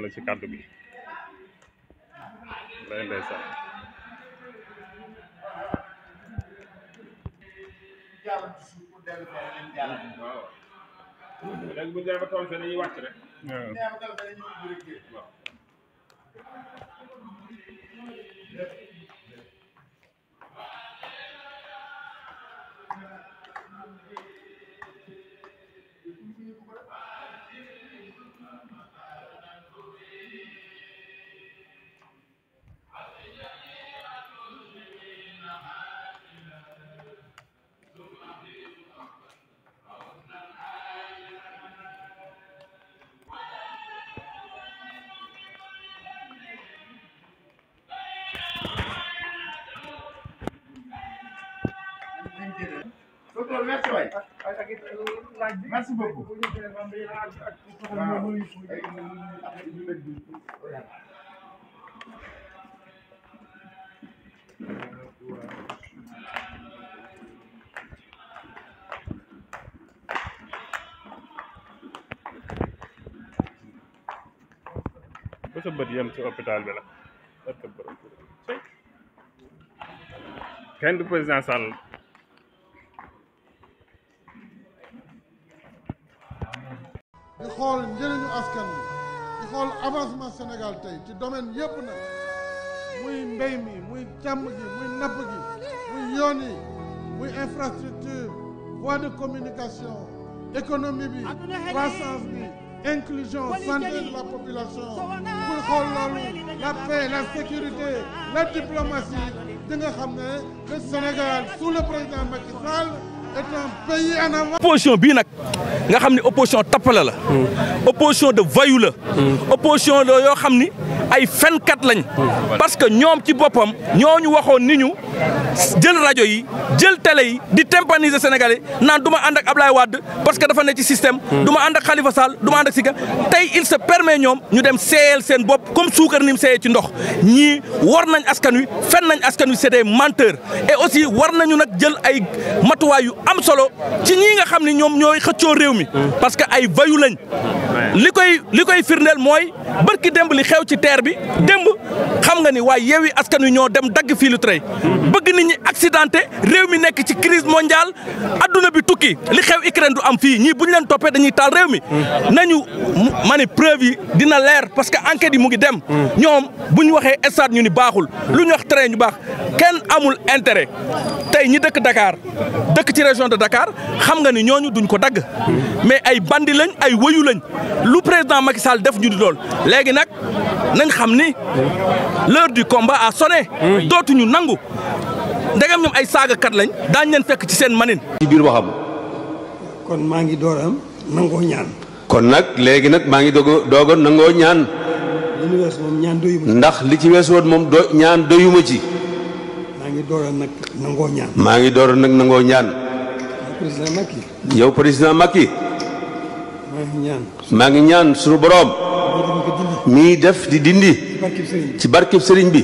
[SPEAKER 12] la ci bi lay ndeysaan léegi bu ba tool fee merci waay ci hôpital bi la président Sall
[SPEAKER 16] xool avancement Sénégal ci domaine nag voie de communication économie croissance inclusion santé de la
[SPEAKER 11] population
[SPEAKER 16] la paix la sécurité la diplomatie nga le Sénégal sous le président Macky Sall est un pays en
[SPEAKER 15] avant nga xamni opposition tapala la opposition de voyou la opposition la yo xamni ay fenkat lañ parce que ñom ci bopam ñooñu waxoon niñu jël rajo yi jël télé yi di tympaniser sénégalais naan du ma ànd ak ab Ablaye Wade parce que dafa ne ci système. Hmm. du ma ànd ak Khalifa Sall du ànd ak Sika tey il se permet ñoom ñu dem seeyal seen bopp comme suukar ni mu seeyee ci ndox ñii war nañ askan wi fen nañ askan wi c'est des menteurs aussi war nañu nag jël ay matuwaay yu am solo ci ñii nga xam ni ñoom ñooy xëccoo réew mi. Hmm. parce que ay vayu lañ. Hmm. li koy li koy firndeel mooy barki démb li xew ci teer bi. demb xam nga ni waaye yeewi askan wi ñoo dem dagg fii lu tey bëgg nit ñi accidenté réew mi nekk ci crise mondiale adduna bi tukki li xew Ukraine du am fii ñii bu ñu leen toppee dañuy taal réew mi. nañu ma ne preuve yi dina leer parce que enquête yi mu ngi dem. Mm. ñoom bu ñu waxee stade ñu ni baaxul lu ñu wax train ñu baax. kenn amul intérêt tey ñi dëkk Dakar dëkk ci région de Dakar xam nga ni ñooñu duñ ko dagg mais ay bandi lañ ay wëyu lañ lu président Macky Sall def ñu di lool léegi nag nag xam ni l'heure du combat a sonné dootuñu nangu ndegam ñoom ay saagakat lañ daañ leen fekk ci seen manin ci biir waxam
[SPEAKER 20] kon maa ngi door am
[SPEAKER 15] kon nag léegi nag maa ngi doog doogo nangoo ñaan
[SPEAKER 19] ndax li ci wees woon moom do ñaan doyuma ci
[SPEAKER 20] ngi door nak nango
[SPEAKER 19] nangoo ñaan. maa ngi door a nag nangoo ñaan. président ngi ñaan. maa borom. mii def di dindi. ci barkib serigne bi.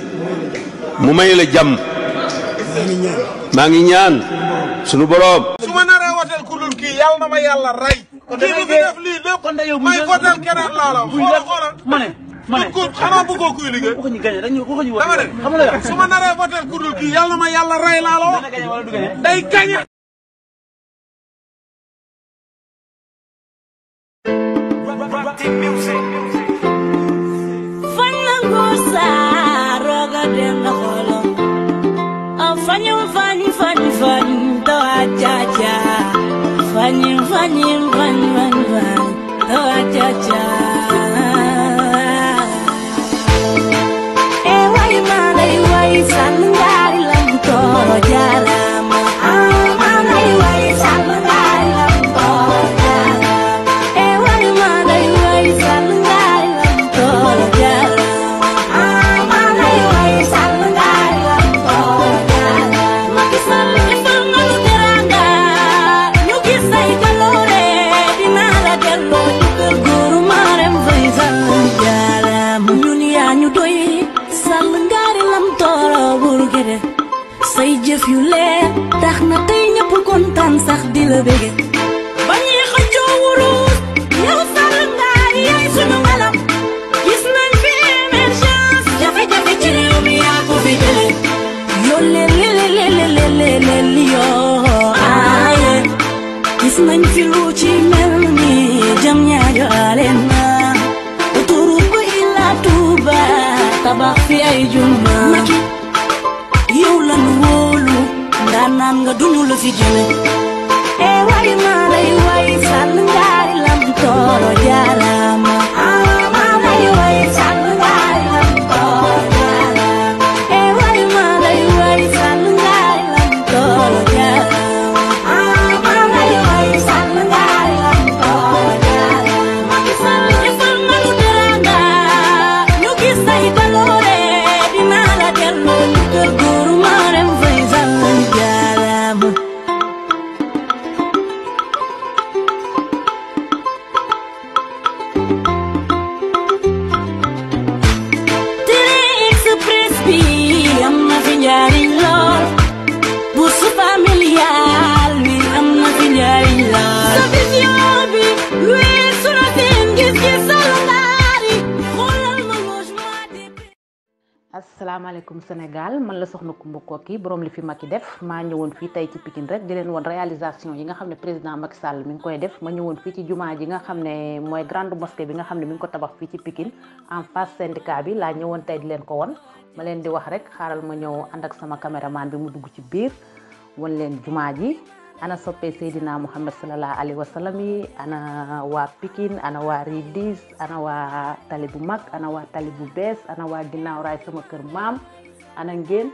[SPEAKER 19] mu may la jàmm. maa ngi ñaan. suñu borom.
[SPEAKER 21] suma na naree woteel ku dul ki yalla na ma yàlla rey. kii bi def li lepp may woteel keneen laa la xoolal xoolal ma ma ne bëggoo xanaa bëggoo
[SPEAKER 10] kuy liggéey. waxuñu gagné dañu waxuñu woo. dama ne xam nga su ma
[SPEAKER 11] naree votel ku dul kii yàlla na ma yàlla rey laa la wax. day gagné. Music.
[SPEAKER 5] little bigger. borom li fi Macky def ma ñewoon fi tay ci Pikine rek di leen won réalisation yi nga xam président Macky Sall mi ngi koy def ma ñewoon fi ci juma ji nga xam moy grande mosquée bi nga xam mi ngi ko tabax fi ci Pikine en face syndicat bi la ñewoon tay di leen ko won ma leen di wax rek xaaral ma ñew and ak sama cameraman bi mu dugg ci biir won leen juma ji ana soppe sayidina Mouhamed salallahu alayhi wa sallam yi ana wa Pikine ana wa Ridis ana wa tali mak ana wa tali bes ana wa ginaaw ray sama kër mam ana ngeen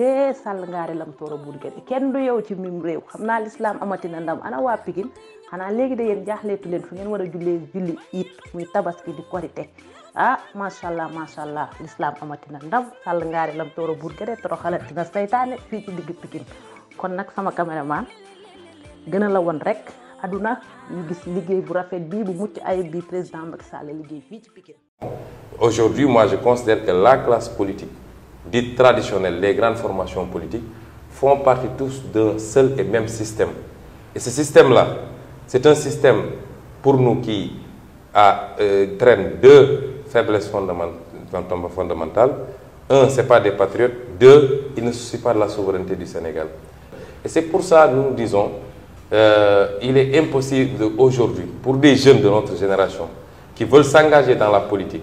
[SPEAKER 5] te sall lam toro bur gen e ken du yow ci mim rew xamna l'islam l'islam na ndam ana wa pigin xana legui de jaxle tu len fu ngeen wara julle julli it muy tabaski di korite ah machallah machallah l'islam na ndam sal ngaare lamtooro toro gueɗe toroxalatina seytaane fii ci dig pikin kon nak sama cameraman gëna la won rek aduna ñu gis liggey bu rafet bi bu mucc ayib bi président Macky Sall liggey fi ci pikin
[SPEAKER 1] aujourd'hui moi je considère que la classe politique dites traditionnelles, les grandes formations politiques, font partie tous d'un seul et même système. Et ce système-là, c'est un système pour nous qui a, euh, traîne deux faiblesses fondamentales. Un, ce n'est pas des patriotes. Deux, il ne se pas de la souveraineté du Sénégal. Et c'est pour ça que nous disons, qu'il euh, il est impossible aujourd'hui, pour des jeunes de notre génération, qui veulent s'engager dans la politique,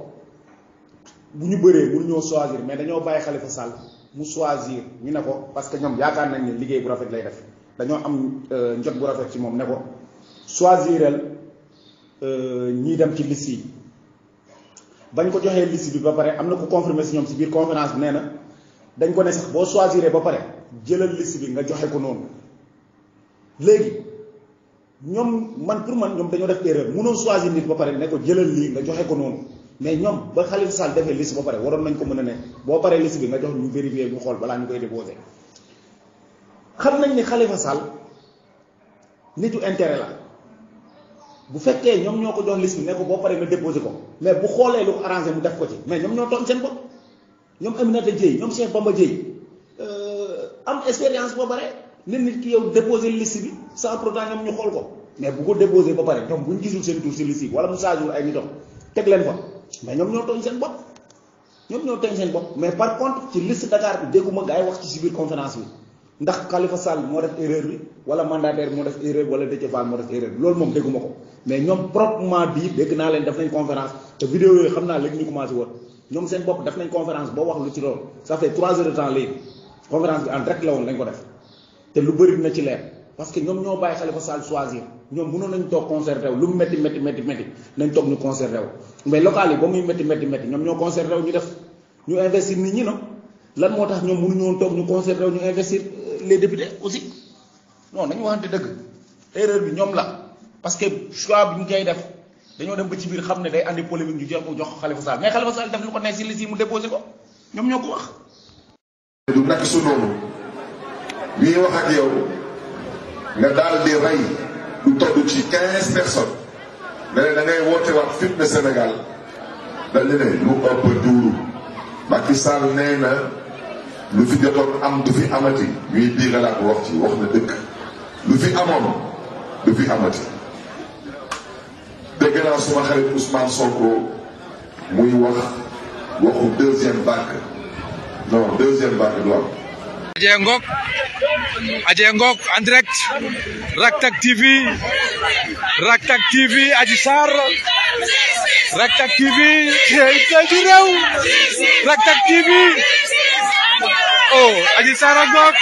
[SPEAKER 22] bu ñu bëree mënuñoo choisir mais dañoo bàyyi Khalifa Sall mu choisir ñu ne ko parce que ñoom yaakaar nañ ne liggéey bu rafet lay def dañoo am euh, njot bu rafet ci moom ne ko choisiral euh, ñiy dem ci liste yi bañ ko joxee liste bi ba pare am na ko confirmé si ñoom si biir conférence bi nee na dañ ko ne sax boo choisir ba pare jëlal liste bi nga joxe ko noonu léegi ñoom man pour man ñoom dañoo def erreur mënoo choisir nit ba pare ne ko jëlal lii nga joxe ko noonu. mais ñoom ba xalifa Sall defee liste ba pare waroon nañ ko mën a ne boo paree liste bi nga jox ñu vérifier ñu xool balaa ñu koy déposé xam nañ ni Khalifa nitu intérêt la bu fekkee ñoom ñoo ko jox liste bi ne ko boo paree nga déposé ko mais bu xoolee lu ko arrangé mu def ko ci mais ñoom ñoo tooñ seen bopp ñoom Aminata Dieye ñoom Cheikh Bamba Dieye euh, am expérience ba pare ne nit ki yow déposé liste bi sans pourtant ñoom ñu xool ko mais bu ko déposé ba pare ñoom bu ñu gisul seen tur si liste bi wala mu saajul ay nitam. teg leen fa mais ñoom ñoo tooñ seen bopp ñoom ñoo tooñ seen bopp mais par contre ci liste Dakar bi dégguma gaa yi wax ci si biir conférence bi ndax Khalifa Sall moo def erreur bi wala mandataire moo def erreur wala Déthié Fall moo def erreur loolu moom dégguma ko mais ñoom proprement dit dégg naa leen def nañ conférence te vidéo yooyu xam naa léegi ñu commencé woon ñoom seen bopp def nañ conférence boo wax lu ci loolu ça fait trois heures de temps léegi conférence bi en direct la woon lañ ko def te lu bëri na ci leer parce ñoom munoon nañ toog concerté wu lu mu métti métti métti métti nañ toog ñu concerté wu mais local yi ba muy métti métti métti ñoom ñoo concerté wu ñu def ñu investir nit ñi na lan moo tax ñoom mënuñu woon toog ñu concerté wu ñu investir euh, les députés aussi non nañu waxante dëgg erreur bi ñoom la parce que choix bi ñu koy def dañoo dem ba ci biir xam ne day àndi polémique ñu jox ko jox ko Khalifa Sall mais Khalifa Sall def lu ko ne si liste yi mu déposé ko
[SPEAKER 9] ñoom ñoo ko wax.
[SPEAKER 11] du nag su ak yow nga daal lu toll ci quinze personnes nga ne da ngay woote waat fitna Sénégal dañu ne lu ëpp duuru Macky Sall lu fi jotoon am du fi amati ñuy diiralaat wax ci wax na dëkk lu fi amoon du fi amati dégg naa suma xarit Ousmane Sonko muy wax waxu deuxième vague non deuxième vague du
[SPEAKER 15] Adja Ngok Adja Ngok en direct Rak Tak TV Rak Tak TV Adji Sarr Rak Tak TV di réew Rak Tak TV
[SPEAKER 10] oh Adji Sarr ak Ngok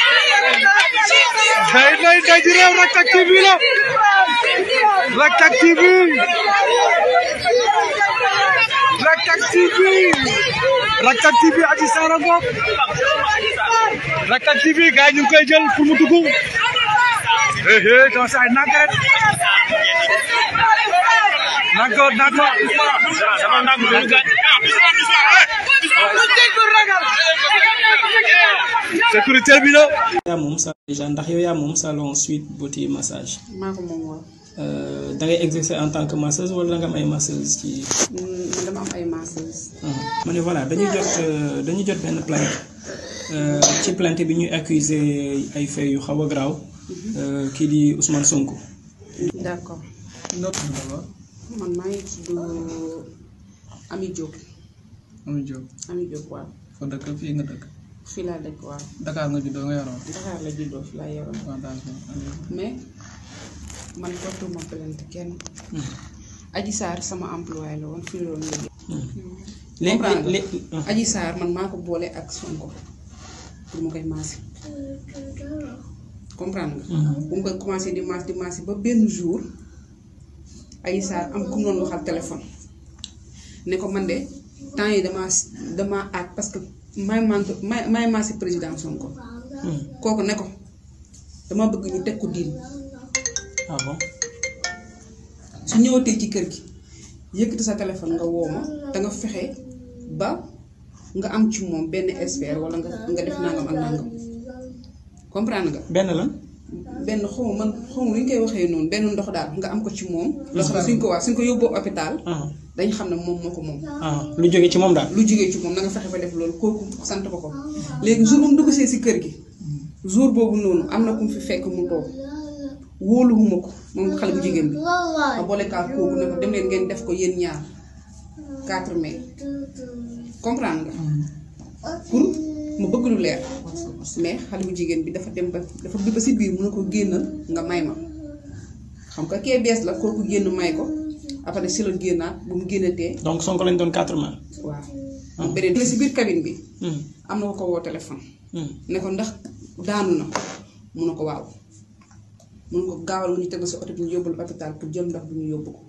[SPEAKER 21] day day day
[SPEAKER 16] di réew Rak Tak TV la
[SPEAKER 10] Rak Tak TV
[SPEAKER 21] Rak Tak TV
[SPEAKER 16] Rak Tak
[SPEAKER 17] TV Adji Sarr ak Ngok
[SPEAKER 15] Rakkal TV gars yi ñu ngi koy jël pour mu dugg eh eh dans sa naka naka naka sama naka sécurité bi la yaa moom sa déjà ndax yow yaa salon suite beauté massage maa ko moom euh, exercer en tant que masseuse wala nga am ay masseuse ci
[SPEAKER 4] mm, dama ah.
[SPEAKER 15] ma ne voilà dañuy jot euh, dañuy jot benn plainte Euh, ci plainte bi ñuy accusé ay fay yu xaw a graaw euh, kii di Ousmane Sonko.
[SPEAKER 17] d'accord.
[SPEAKER 4] man maa ngi tudd euh, Ami Diop. Ami Diop Ami Diop waaw. fa dëkk fii nga dëkk. fii laa dëkk waaw. Dakar nga juddoo nga laa yaroo. mais man portuma plainte kenn. Hmm. Adji Sarr sama employé la woon fii la woon
[SPEAKER 11] hmm.
[SPEAKER 4] léegi. Aji Sarr man maa ko boole ak Sonko. pour mu koy maase comprendre nga bu mm-hmm. mu koy commencé di maas di maas ba benn jour Aïssa am ku noonu waxal téléphone ne ko man de temps yi dama dama aat parce que may mante may may maase président Sonko mm. kooku ne ko dama bëgg ñu teg ko diin ah bon su ñëwatee ci kër gi yëkkati sa téléphone nga woo ma da nga fexe ba nga am ci moom benn expert wala nga nga def nangam ak nangam comprendre nga. benn lan. benn xaw ma man xaw ma lu ñu koy waxee noonu benn ndox daal nga am ko ci moom. ndox daal suñ ko waa suñ ko yóbboo hôpital. Ah. dañ xam ne moom moo ko moom.
[SPEAKER 13] Ah. lu jógee ci moom daal. lu jógee
[SPEAKER 4] ci moom na nga fexe ba def loolu kooku sant ko ko léegi jour bu mu dugg see si kër gi. jour boobu noonu am na ku fi fekk mu toog wóoluwuma ko moom xale bu jigéen bi ma boole kaa kooku dem leen ngeen def ko yéen ñaar 4 mai. comprendre nga. Mm. pour mu bëgg lu leer. mais xale bu jigéen bi dafa dem ba dafa bi ba si biir mun na ko génnal nga may ma xam nga kee bees la kooku génn may ko après si la génnaat bu mu génnatee.
[SPEAKER 20] donc Sonko lañ doon quatre man waaw. am ah. beneen
[SPEAKER 4] si biir cabine bi. Mm. am na ko ko woo téléphone. Mm. ne ko ndax daanu na mun na ko waaw mun ko gaawal mu ñu teg la si oto bi ñu yóbbul hôpital pour jël ndax bu ñu yóbbu ko.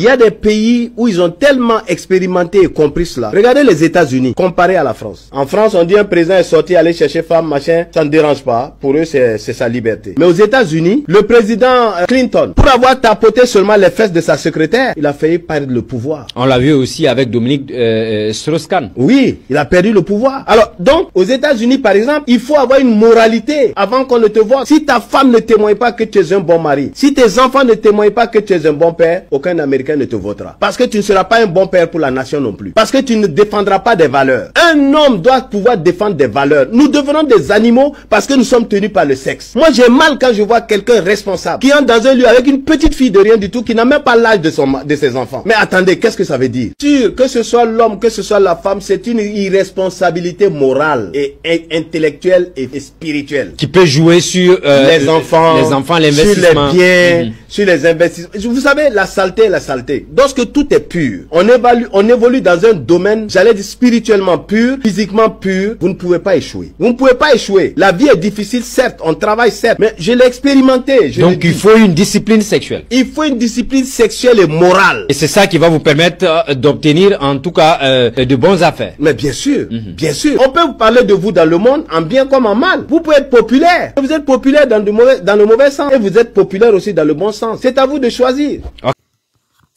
[SPEAKER 19] Il y a des pays où ils ont tellement expérimenté et compris cela. Regardez les États-Unis comparé à la France. En France, on dit un président est sorti aller chercher femme, machin, ça ne dérange pas. Pour eux, c'est sa liberté. Mais aux États-Unis, le président euh, Clinton, pour avoir tapoté seulement les fesses de sa secrétaire, il a failli perdre le pouvoir. On l'a vu aussi avec Dominique euh, euh, Strauss-Kahn. Oui, il a perdu le pouvoir. Alors, donc, aux États-Unis, par exemple, il faut avoir une moralité avant qu'on ne te voit. Si ta femme ne témoigne pas que tu es un bon mari, si tes enfants ne témoignent pas que tu es un bon père, aucun Américain ne te votera. Parce que tu ne seras pas un bon père pour la nation non plus. Parce que tu ne défendras pas des valeurs. Un homme doit pouvoir défendre des valeurs. Nous devenons des animaux parce que nous sommes tenus par le sexe. Moi, j'ai mal quand je vois quelqu'un responsable qui entre dans un lieu avec une petite fille de rien du tout qui n'a même pas l'âge de, son, de ses enfants. Mais attendez, qu'est-ce que ça veut dire que ce soit l'homme, que ce soit la femme, c'est une irresponsabilité morale et, intellectuelle et, spirituelle. Qui peut jouer sur euh, les enfants, les enfants, les sur les biens, mm-hmm. sur les investissements. Vous savez, la saleté, la saleté. Lorsque tout est pur, on évalue, on évolue dans un domaine, j'allais dire spirituellement pur, physiquement pur, vous ne pouvez pas échouer. Vous ne pouvez pas échouer. La vie est difficile, certes, on travaille, certes, mais je l'ai expérimenté. Donc il faut une discipline sexuelle. Il faut une discipline sexuelle et morale. Et c'est ça qui va vous permettre euh, d'obtenir, en tout cas, euh, de bonnes affaires. Mais bien sûr, mhm. bien sûr. On peut vous parler de vous dans le monde, en bien comme en mal. Vous pouvez être populaire. Vous êtes populaire dans le mauvais, dans le mauvais sens et vous êtes populaire aussi dans le bon sens. C'est à vous de choisir.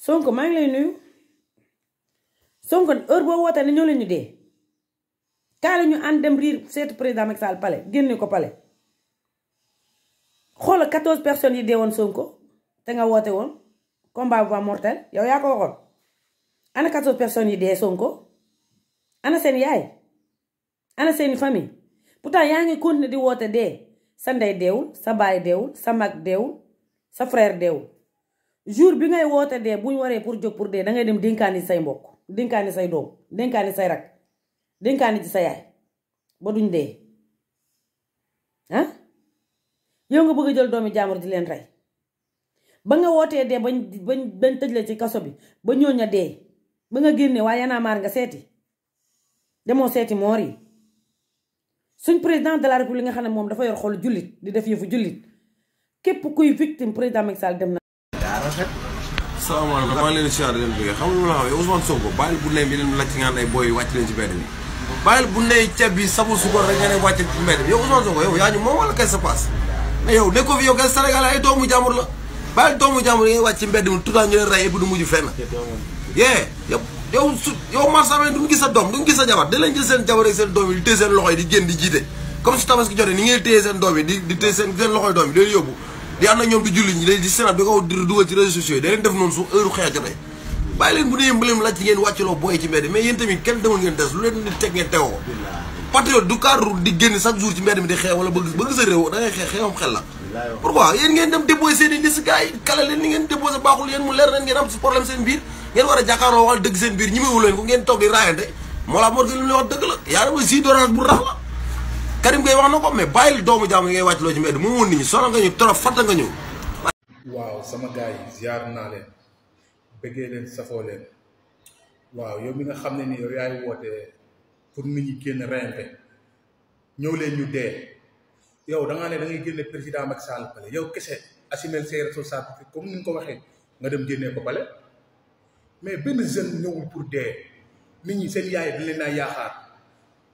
[SPEAKER 6] Sonko maa ngi lay nuyu Sonko heure boo wootee ne ñoo leen ñu dee kaale ñu ànd dem riir seetu président Macky Sall palais génne ko pale xoola 14 personnes yi dee woon Sonko te nga woote woon combat bu mortel yaa ko waxoon ana personnes yi dee Sonko ana seen yaay seen famille pourtant yaa ngi continuer di woote dee sa ndey deewul sa baay deewul sa mag deewul sa frère deewul. jour bi ngay woote dee buñ waré pour jóg pour dee da ngay dem dinkani say mbokk dinkani say dom dinkani say rak dinkani ci say ay ba duñ dee ah yow nga bëgg jël domi jaamur di len ray ba nga wootee dee bañ bañ bañ tëj la ci kasso bi ba ñoña dé dee ba nga génné wa yana mar nga séti demo séti mori suñ président de la république nga xamné mom dafa yor xol jullit di def yefu jullit képp kuy victime président Macky Sall dem
[SPEAKER 21] salaamaaleykum maa ngi leen di siyaar leen bëggee xam nga lu xam yow Ousmane Sonko bàyyil bu ne bi leen lacc ngaan ay booy wàcc leen ci mbedd bi bàyyil bu ne ceeb bi sabu sukar rek nga ne wàcc ci mbedd bi yow Ousmane Sonko yow yaa ñu moom wala qu'est-ce qui se yow nekkoo fi yow kenn Sénégal ay doomu jàmbur la bàyyil doomu jàmbur yi ngay wàcc ci bu jabar da leen jël seen doom yi di téye seen loxo yi di génn seen doom yi di di seen loxo yi di leen di ànd ak ñoom di julli ñi di sénat di ko dugal ci réseaux sociaux yi da leen def noonu su heure xeex jotee bàyyi baaxul yéen mu leer leen ngeen am si problème seen biir ngeen war a jàkkaaroo waxal dëgg seen biir ñi leen ko ngeen toog di raayante moo laa moo gën lu wax dëgg la yaa dama si dorange bu rax la Karim Gueye wax na ko mais bàyyil doomu jàmm yi ngay wàcc loo ci mbedd mu woon nit ñi sonal nga ñu trop fàtte nga ñu.
[SPEAKER 12] waaw sama gars yi ziar naa leen bëggee leen safoo leen
[SPEAKER 22] waaw yow mi nga xam ne ni yow yaay woote pour nit ñi génn reyante ñëw ñu dee yow da ne da ngay génne président Macky Sall yow kese assumer ses responsabilités comme ni nga ko waxee nga dem génnee ko pale mais benn jeune ñëwul pour dee nit ñi seen yaay da leen naa yaakaar.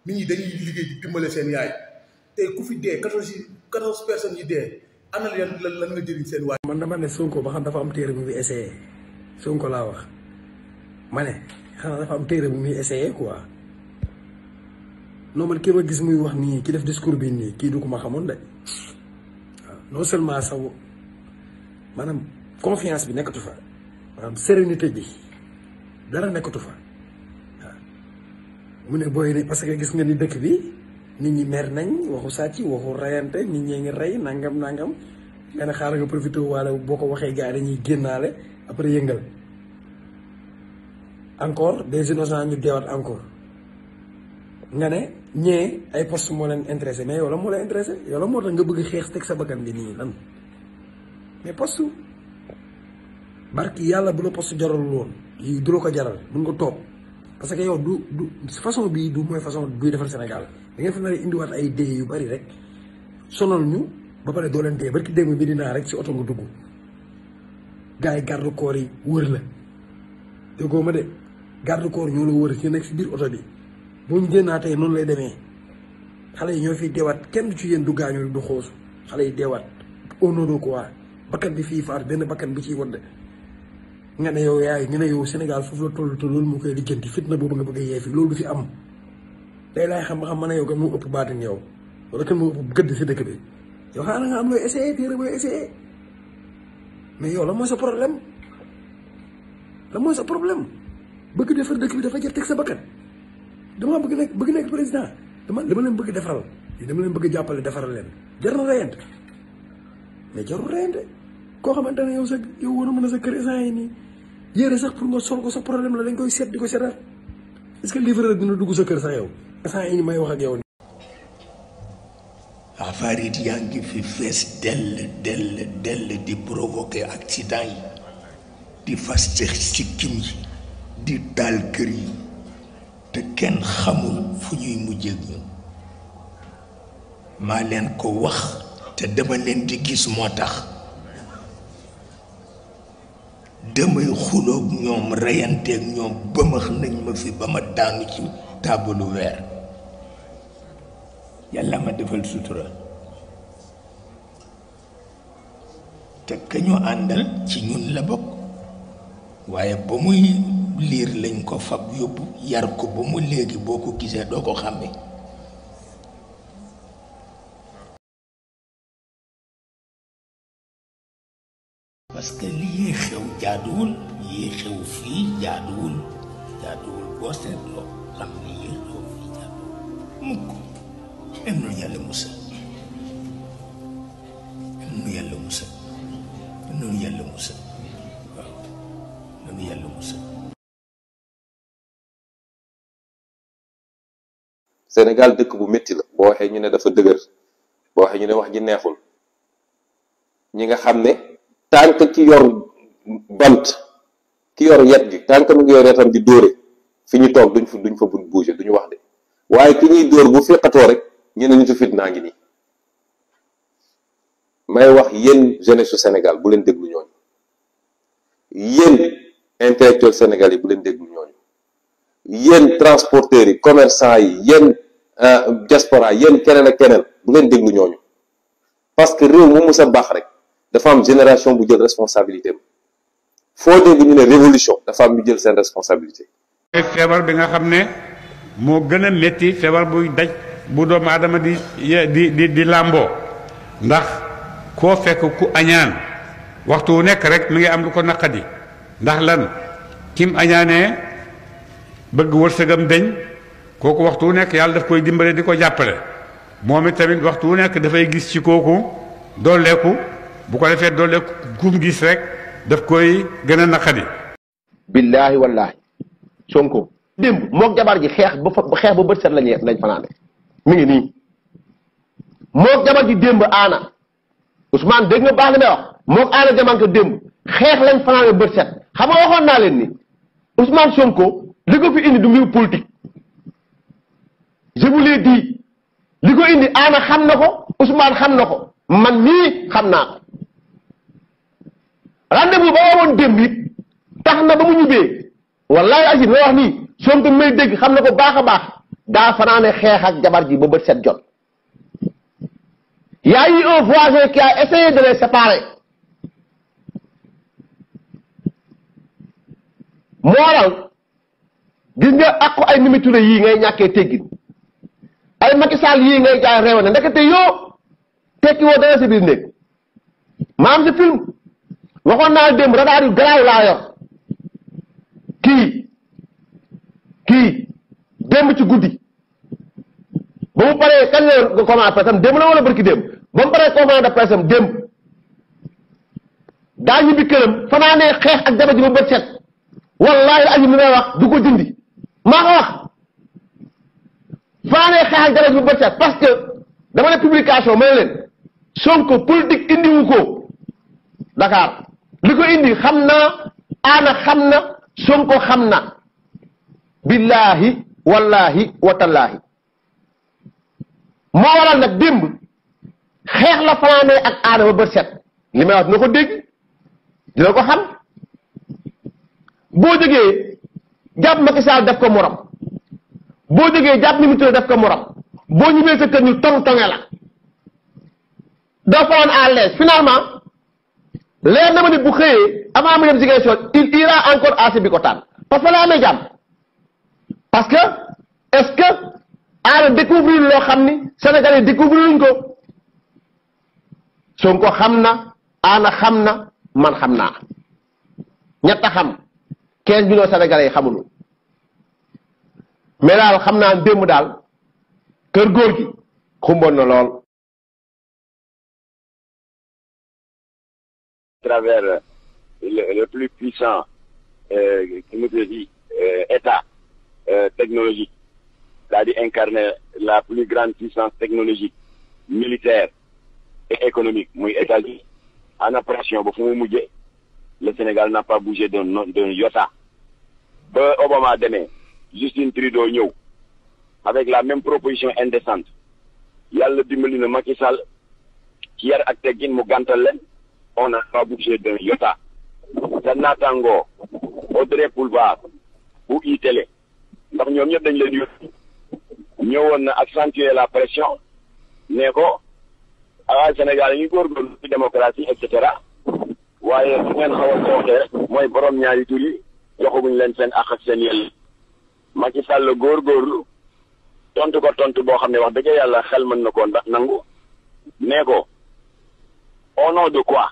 [SPEAKER 22] nit ñi dañuy liggéey di dimbale seen yaay
[SPEAKER 20] tey ku fi dee quatorze quatorze personnes yi dee ana lan lan nga jëriñ seen waay. man dama ne Sonko ba xam dafa am téere bu muy essayé Sonko laa wax ma ne dafa am téere bu muy essayé quoi non man gis muy wax nii ki def discours bi nii kii dugg ko ma xamoon de non seulement sax maanaam confiance bi nekkatu fa maanaam sérénité bi dara nekkatu fa. mune boy ni parce que gis nga ni dekk bi nit ñi mer nañ waxu saati waxu rayante nit ñi ngi ray nangam nangam nga xaar nga profité wala boko waxe gaay dañuy gennale après yëngal encore des innocents ñu déwat encore nga né ñee ay poste mo leen intéressé mais yow la mo leen intéressé yow la mo tax nga bëgg xex tek sa bi ni lan mais poste barki yalla bu lo poste jaral won yi du ko jaral bu ngi top parce que yow du du façon bii du mooy façon buy defal Sénégal da ngeen fi indiwaat ay dee yu bari rek sonal ñu ba pare doo leen dee barki démb bi dinaa rek ci oto nga dugg yi garde yi wër la déggoo ma de garde la wër si oto bi bu ñu génnaatee noonu lay demee xale yi ñoo fiy deewaat kenn ci yéen du gaañu du xoos xale yi deewaat au nom de bakkan bi fii faat benn bakkan bi ciy de nga ne yow yaay nga ne yow senegal fofu la tollu te loolu moo koy lijjanti fitna boobu nga bëgg a yee fi loolu du fi am day lay xam ba xam ma ne yow kan moo ëpp baatin yow wala kan moo ëpp gëdd si dëkk bi yow xaaral nga am looy essayé téere booy essayé mais yow la mooy sa problème la mooy sa problème bëgg defar dëkk bi dafa jar teg sa bakkat dama bëgg nekk bëgg nekk président dama dama leen bëgg defaral dama leen bëgg jàppale defaral leen jar na mais jarul rayent koo xamante ne yow sa yow war a mën a sa kër yi nii yére sax pour nga sol ko sa problème la dañ koy seet di ko seetal est-ce que livreur dugg sa kër sax yow saa yi may wax ak yow.
[SPEAKER 19] affaire it yaa ngi fi fees dell dell dell di provoquer accident yi di fas ci sikkim yi di taal kër yi te kenn xamul fu ñuy mujjee ak ñun maa leen ko wax te dama leen di gis moo tax. damay xuloog ñoom reyanteeg ñoom bëmax nañ ma fi ba ma daanu ci taabalu weer yàlla ma defal sutura te ka ñu àndal ci ñun la bokk waaye ba muy liir lañ ko fab
[SPEAKER 11] yóbbu yar ko ba mu léegi boo ko gisee doo ko xàmme
[SPEAKER 19] parce que lii xew jaaduwul lii xew fii jaaduwul jaaduwul
[SPEAKER 23] boo seetloo xam yàlla musal
[SPEAKER 1] Sénégal dëkk bu metti la boo waxee ñu ne dafa dëgër boo waxee ñu ne wax ji neexul ñi nga xam ne tank ki yor bant ki yor yet gi tank mu yor yetam di dóore fiñu tok duñ fu duñ fa bu bouger duñ wax de waye ki ñi dóor bu fiqato rek ñu ne ngi ni may wax yeen jeunesse su senegal bu len deglu ñoo yeen intellectuel Sénégal yi bu len deglu ñoo yeen transporteur yi commerçant yi yeen euh, diaspora yeen keneen ak keneen bu len deglu ñoo parce que rew mu musa bax rek dafa am génération bu jël responsabilité foo dégg ñu ne révolution dafa am ñu jël seen responsabilité.
[SPEAKER 22] feebar bi nga xam ne moo gën a metti feebar buy daj bu doomu aadama di di di di làmboo ndax koo fekk ku añaan waxtu wu nekk rek mu ngi am lu ko naqadi ndax lan kim añaanee bëgg wërsëgam deñ kooku waxtu wu nekk yàlla daf koy dimbale di ko jàppale moom it tamit waxtu wu nekk dafay gis ci kooku doo dooleeku. bu ko defé dole gum
[SPEAKER 9] gis rek daf koy gëna naxali billahi wallahi sonko dem moog jabar gi xex ba fa xeex ba bët set lañ lañ fanane mi ngi ni moog jabar gi démb ana usman dégg nga baax li may wax moog aana jamanko démb xex lañ fanane bët set xam nga waxon na len ni usman Sonko li ko fi indi du mbiru politique je vous l'ai dit li ko indi ana xam nako usman xam nako man mi xam naa ko rendez-vous ba woon démb tax na ba mu ñibbee wallaay asim la wax nii Sonko dégg xam na ko baax a baax daa fanaane xeex ak jabar ji ba bët set jot y a eu un voisin qui a de les séparer moo waral gis nga àqu ay Mimi Touré yii ngay ñàkkee teggin ay Macky yii ngay jaay réew ne ndekete yoo tekki woo dara si néeg maam si film waxoon naa démb radaar yu garaaw laa kii kii démb ci guddi ba mu paree kañ la commande presse am démb la wala barki démb ba mu paree commande presse daa ñibbi fanaanee xeex ak jabar ji ba bët set wallaahi la ajib parce que dama publication ma ne leen Sonko politique indiwu ko Dakar li ko indi xam naa aana xam na Sonko xam na billaahi wallaahi watallaahi moo waral nag démb xeex la fanaanee ak aana ba bët set li may wax dina ko dégg dina ko xam boo jógee jàpp Macky def ko morom boo jógee jàpp Mimi Touré def ko morom boo ñibbee sa ñu tong tonge la doo fanaan à l'aise finalement leer na ma ne bu xëyee avant mu dem Ziguinchor il ira encore à Sébikotane parce laa may parce que est-ce que aada découvrir loo xam ni Sénégalais découvrir luñ ko Sonko xam na aana xam na man xam naa ñett a xam quinze millions Sénégalais yi xamuñu
[SPEAKER 10] mais daal xam naa démb daal kër góor gi xumboon na lool travers euh, le, le plus puissant, euh, comment je dis, euh, État
[SPEAKER 23] euh, technologique, c'est-à-dire incarner la plus grande puissance technologique, militaire et économique, moi, États-Unis, en opération, le Sénégal n'a pas bougé d'un iota. Obama Obama demain, Justin Trudeau ñëw avec la même proposition indécente Il dimbali na Macky Sall qui yar ak teggin mu gàntal on n'a pas bougé d'un iota. te naataangoo Audrey Pulvar ou itélé ndax ñoom ñëpp dañ leen yóbbu ñëwoon na accentuer la pression Néko, ko ah Sénégal yi ñu góorgóorlu ci démocratie et cetera waaye su ngeen xaw a sooxee rek mooy borom ñaari tur yi joxaguñ leen seen àq ak seen yell Macky Sall góorgóorlu tontu ko tontu bo xam ne wax dëgg yalla xel man na ko ndax nangu nee au nom de quoi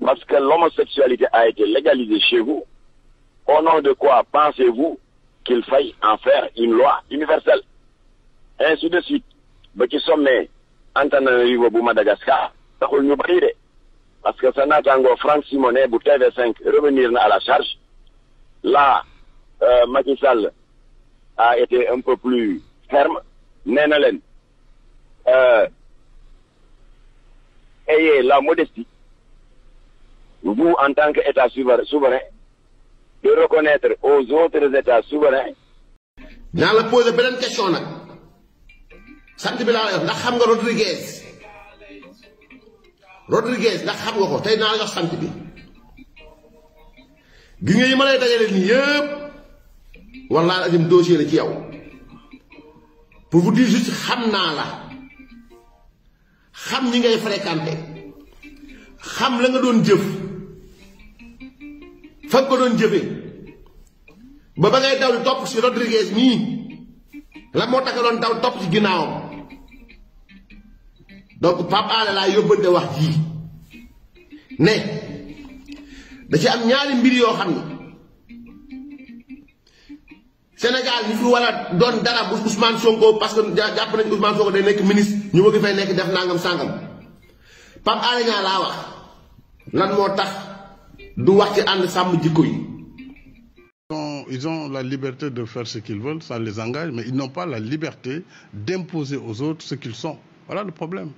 [SPEAKER 23] parce que l'homosexualité a été légalisée chez vous, au nom de quoi pensez-vous qu'il faille en faire une loi universelle ainsi de suite ba en train d'arriver au Madagascar taxul ñu nous de parce que ça pas naataangoo Franck Simonet pour TV5 revenir à la charge là euh, Macky a été un peu plus ferme nee na euh, ayez la modestie vous, en tant qu'État souverain, de reconnaître aux autres États souverains. vais la poser une question nag
[SPEAKER 9] Bilal, bi laa la Rodriguez Rodriguez ndax xam nga ko tey naa la Bilal. Si vous avez nga yi vous avez dajale nii yëpp wallaa la dem dossier la ci yow pour vous dire juste xam naa la xam ñi ngay fréquenté xam la fa ko doon jëfee ba ba ngay daw di ci Rodriguez ni, la mo tax doon daw top ci ginaaw donc papa la laa yóbbante wax ji ne da ci am ñaari mbir yo xamni ne Sénégal ñu fi war a dara bu Ousmane Sonko parce que japp nañ Ousmane Sonko day nek ministre ñu bëgg fay nek def nangam sangam Pape ala nga la wax lan mo tax
[SPEAKER 16] ils ont la liberté de faire ce qu'ils veulent, ça les engage, mais ils n'ont pas la liberté d'imposer aux autres ce qu'ils sont. Voilà le problème.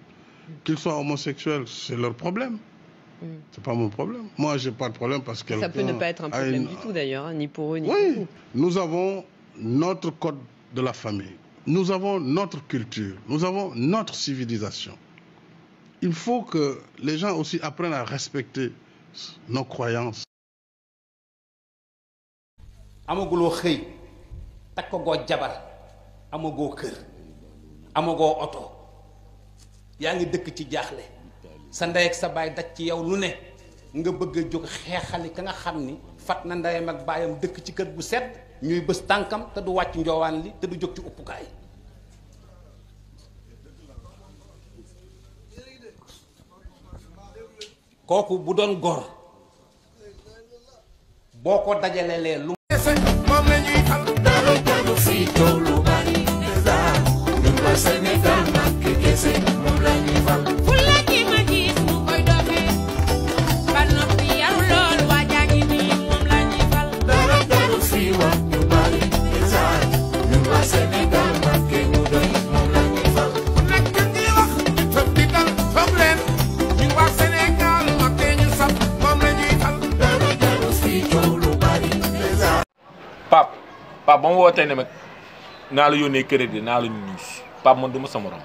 [SPEAKER 16] Qu'ils soient homosexuels, c'est leur problème. Mm. C'est pas mon problème. Moi, j'ai pas de problème parce que. Ça peut ne pas être un problème du tout d'ailleurs, hein, ni pour eux ni pour pour vous. Nous avons notre code de la famille, nous avons notre culture, nous avons notre civilisation. Il faut que les gens aussi apprennent à respecter nos croyances. amaguloo xëy
[SPEAKER 9] takkagoo jabar amagoo kër amagoo oto
[SPEAKER 22] yaa ngi dëkk ci jaaxle sa ndey ak sa baay daj ci yow lu ne nga bëgg a jóg xeexali ka nga xam ni fat na ndeyam ak baayam dëkk ci kër gu set ñuy bës tànkam te du wàcc njoowaan li te du jóg ci uppukaay. kooku bu doon gor
[SPEAKER 18] boo ko dajalelee lu moom la ñuy
[SPEAKER 3] am
[SPEAKER 14] Pape ba mu wootee ne mag naa la yónnee crédit naa la ñuus Pape man du ma sa morom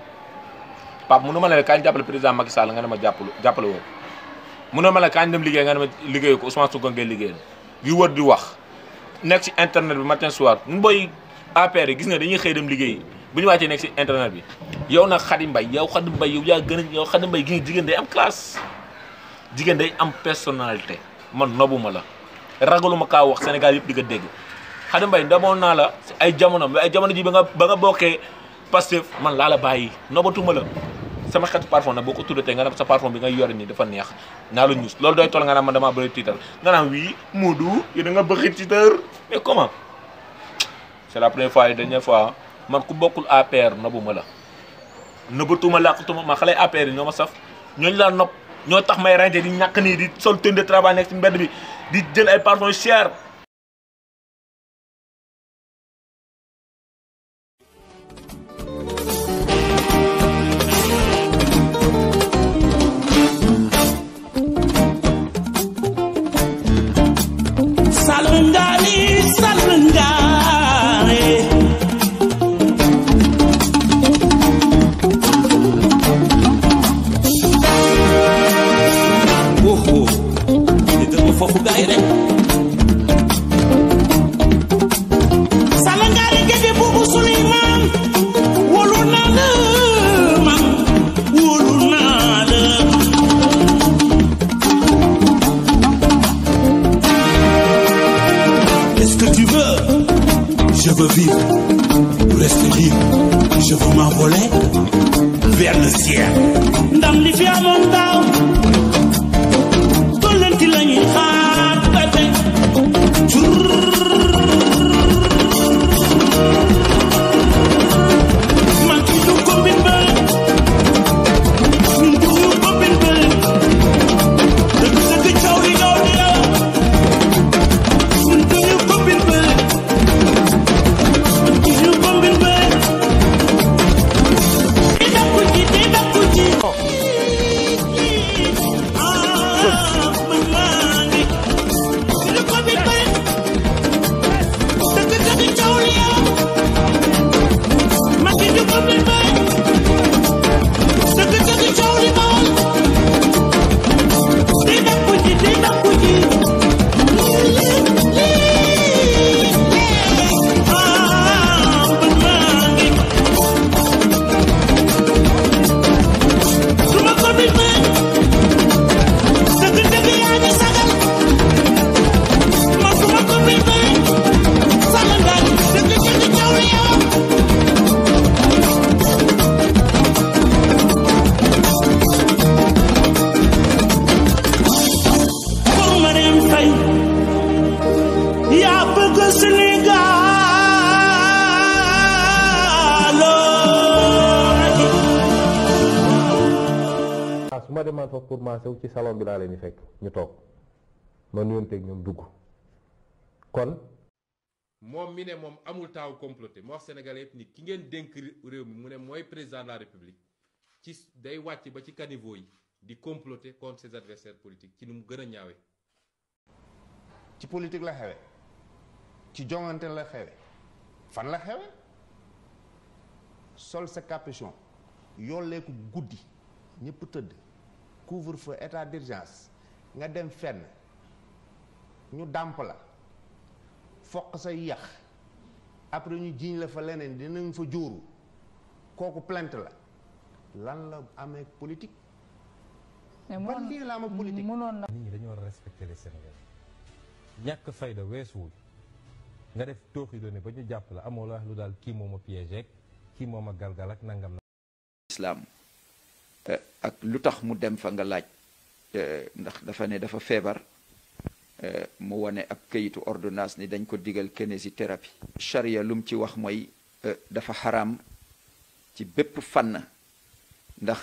[SPEAKER 14] Pape mënu ma la ne kañ jàppale président Macky Sall nga ne ma jàppale woo ko mënu ma la kañ dem liggéey nga ne ma liggéey ko Ousmane Sonko ngay liggéeyal di wër wax nekk ci internet bi matin soir ñun booy APR gis nga dañuy xëy dem liggéey bu ñu wàccee nekk ci internet bi yow nag Xadim Mbaye yow Xadim Mbaye yow yaa gën a yow Xadim Mbaye gi jigéen day am classe jigéen day am personnalité man nobuma la ragaluma kaa wax Sénégal yëpp di ko dégg xade bay ndamo na la ay jamono ay jamono ji ba nga ba nga bokkee pastef man la la bàyyi nobatuma la sama xeetu parfum na boko tudete nga sa parfum bi nga yor ni dafa neex na la ñuus lolou doy tol nga naan man damaa bëri tiitar nga naan wi Moodu yéen da nga bëri tiitar mais comment c'est la première fois et dernière fois man ku bokkul APR nobuma la nëbatuma làqatuma ma xale APR yi ma saf ñoñ la nop ñoo tax may rente di ñak ni di sol tenue travail nek ci mbedd bi di jël ay parfum cher
[SPEAKER 1] ma demaan foofu pour maase wu ci salon bi laa leen di fekk ñu toog ma nuyonteeg ñoom dugg kon moom mi ne moom amul taaw comploté moo wax sénégalais yëpp ni ki ngeen dénk réew mi mu ne mooy président de la république ci day wàcc ba ci caniveau yi di comploter contre ses adversaires politiques ci nu mu gën a ñaawee
[SPEAKER 9] ci politique la xewe ci jongante la xewe fan la xewe sol sa capuchon yolleeku guddi ñëpp tëdd couvre-feu état d'urgence nga dem fenn ñu dàmp la foq say yax après ñu jiiñ la fa leneen dinañ fa jóoru kooku plainte la lan
[SPEAKER 1] la amee politique. mais munoon ban la amee politique. nit ñi dañu war a respecter les ñàkk fayda weesuwul nga def tooxi doone ba ñu jàpp la amoo la lu daal kii moom a piégé kii moom a galgal ak nangam.
[SPEAKER 10] islam. ak lu tax mu dem fa nga laaj ndax dafa ne dafa feebar mu wane ab kayitu ordonnance ni dañ ko digal kinésithérapie charia lum ci wax mooy dafa xaraam ci bépp fànn ndax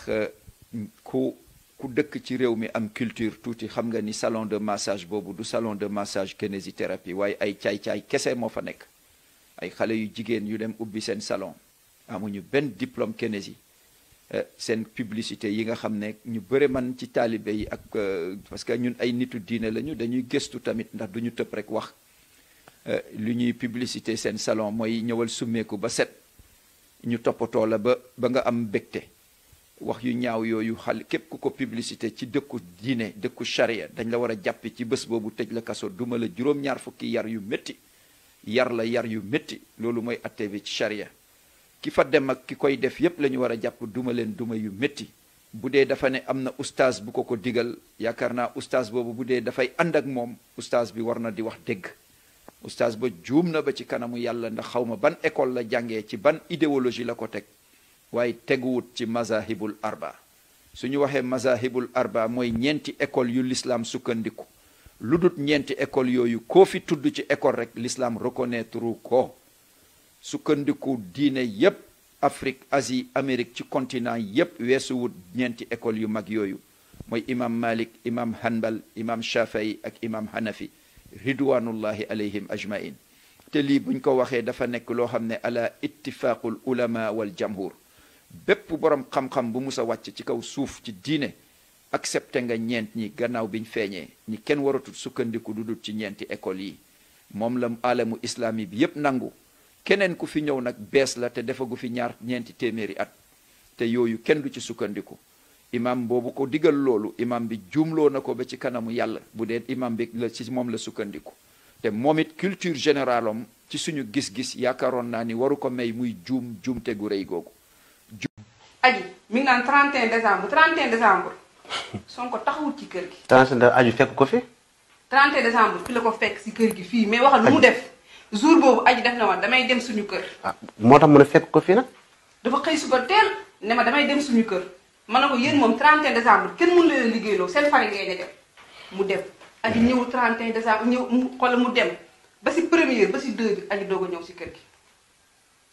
[SPEAKER 10] ku ku dëkk ci réew mi am culture tuuti xam nga ni salon de massage boobu du salon de massage kinésithérapie waaye ay caay-caay kese moo fa nekk ay xale yu jigéen yu dem ubbi seen salon amuñu benn diplôme kinési Euh, seen publicité yi nga xam ne ñu bëri man ci taalibe yi ak euh, parce que ñun ay nitu diine lañu dañuy gëstu tamit ndax du ñu tëb rek wax euh, lu ñuy publicité seen salon mooy ñëwal summeeku ba set ñu toppatoo la ba ba nga am mbégte wax yu ñaaw yooyu xal képp ku ko publicité ci dëkku diine dëkku charia dañ la war a jàpp ci bës boobu tëj la kaso duma la juróom-ñaar fukki yar yu métti yar la yar yu métti loolu mooy atte bi ci charia ki fa dem ak ki koy def yépp la ñu war a jàpp duma leen duma yu métti bu dee dafa ne am na ustaas bu ko ko digal yaakaar naa ustaas boobu bu dee dafay ànd ak moom ustaas bi war na di wax dégg ustaas ba juum na ba ci kanamu yàlla ndax xaw ma ban école la jàngee ci ban idéologie la ko teg waaye teguwut ci mazahibul arba su ñu waxee mazahibul arba mooy ñeenti école yu lislaam sukkandiku lu dut ñeenti école yooyu koo fi tudd ci école rek lislaam reconnaître ko sukkandiku diine yépp Afrique Asie Amérique ci continent yépp weesuwut ñeenti école yu mag yooyu mooy imam Malik imam Hanbal imam Shafii ak imam Hanafi ridwanullahi alayhim ajmain te lii buñ ko waxee dafa nekk loo xam ne ala ittifaqul ulama wal jamhur bépp borom xam-xam bu musa wàcc ci kaw suuf ci diine accepté nga ñeent ñi gannaaw biñ feeñee ñi kenn waratul sukkandiku du dudut ci ñeenti école yi moom la alamu islami bi yépp nangu keneen ku fi ñëw nag bees la te defagu fi ñaar ñeenti téeméeri at te yooyu kenn du ci sukkandiku imam boobu ko digal loolu imam bi juumloo na ko ba ci kanamu yàlla bu dee imam bi la ci moom la sukkandiku te moom it culture générale am ci suñu gis-gis yaakaaroon naa ni waru ko may muy juum juumte gu rëy googu.
[SPEAKER 4] aju mi ngi naan 31 décembre 31 décembre. Sonko taxawul ci kër gi.
[SPEAKER 10] 31 aju fekk ko fi.
[SPEAKER 4] 31 décembre la ko fekk si kër gi fii mais waxal lu mu def. jour boobu aji def na waa damay dem suñu kër. Ah,
[SPEAKER 9] moo tax mën a fekk ko fii nag.
[SPEAKER 4] dafa xëy suba teel ne ma damay dem suñu kër ma ne ko yéen moom 31 décembre kenn mënu leen liggéeyloo seen famille ngay dem mu dem. aji hmm. ñëw 31 décembre ñëw mu xool mu dem ba si premier ba si deux bi aji doog a ñëw si kër gi.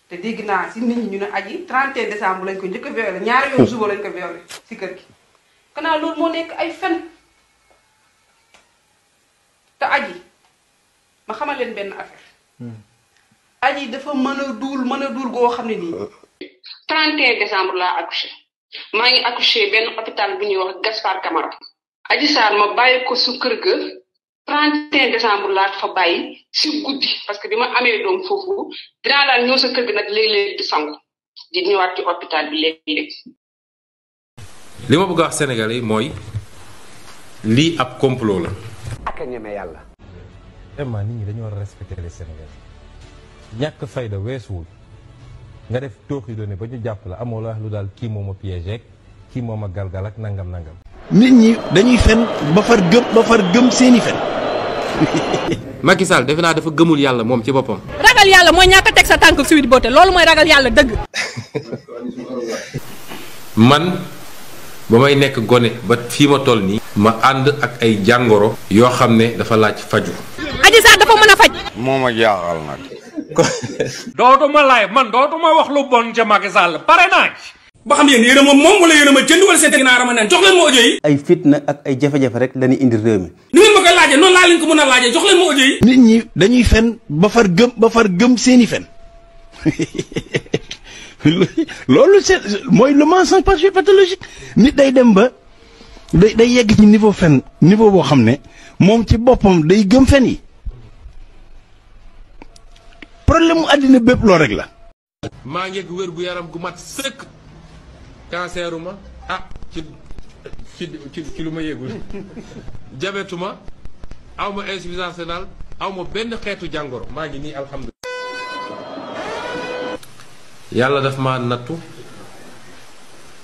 [SPEAKER 4] te dégg naa si nit ñi ñu ne aji 31 décembre lañ ko njëkk a violé ñaari yoon suba lañ ko violé si kër gi. xanaa loolu moo nekk ay fen te aji ma xamal leen benn affaire. aji dafa mën a duul mën a duul goo xam ne nii. 31 décembre laa accouché maa ngi accouché benn hôpital bu ñuy wax Gaspard Camara. aji Sarr ma bàyyi ko su kër ga 31 décembre laa fa bàyyi si guddi parce que bi ma amee doom foofu dinaa daal ñëw sa kër ga nag léeg-léeg di sangu di ñëwaat ci hôpital bi léeg
[SPEAKER 1] li ma bëgg a wax mooy lii ab complot la. ak ñeme yàlla. vraiment nit ñi dañu war a respecter les Sénégalais ñàkk fayda weesuwul nga def tooxi doone ba ñu jàpp la amoo la lu daal kii moom a piégé kii moom a galgal ak nangam nangam.
[SPEAKER 17] nit ñi dañuy fen ba far gëm gëm seeni fen.
[SPEAKER 1] Macky Sall defe naa dafa gëmul yàlla moom ci boppam.
[SPEAKER 5] ragal yàlla mooy ñàkk teg sa tànk Sweet Beauté loolu mooy ragal yàlla dëgg.
[SPEAKER 1] man ba may nekk gone ba fii ma toll nii. ma ànd ak ay jàngoro. yoo xam ne dafa laaj faju mën a faj. moo ma jaaxal nag.
[SPEAKER 15] dootuma laay man dootuma wax lu bon ca Macky Sall pare naa ba xam yéen yéen ma moom wala yéen a ma jënd wala naa rama jox leen ma audio
[SPEAKER 22] ay fitna ak ay jafe-jafe rek lañuy indi réew mi
[SPEAKER 15] ni ngeen ma mën a laajee jox leen ma audio yi nit ñi dañuy fen ba far gëm ba far gëm seeni fen loolu c'est mooy le mensonge pathologique
[SPEAKER 22] nit day dem ba day day yegg ci niveau fen niveau boo xam ne moom ci boppam day gëm fen yi problème mu àddina bépp
[SPEAKER 12] loo rekk la.
[SPEAKER 1] maa ngi wér gu yaram gu mat sëkk canceru ah ci ci lu ma yëgul jabetu ma aw ma insuffisance rénale aw benn xeetu jàngoro maa ngi nii alhamdulilah. yàlla daf ma nattu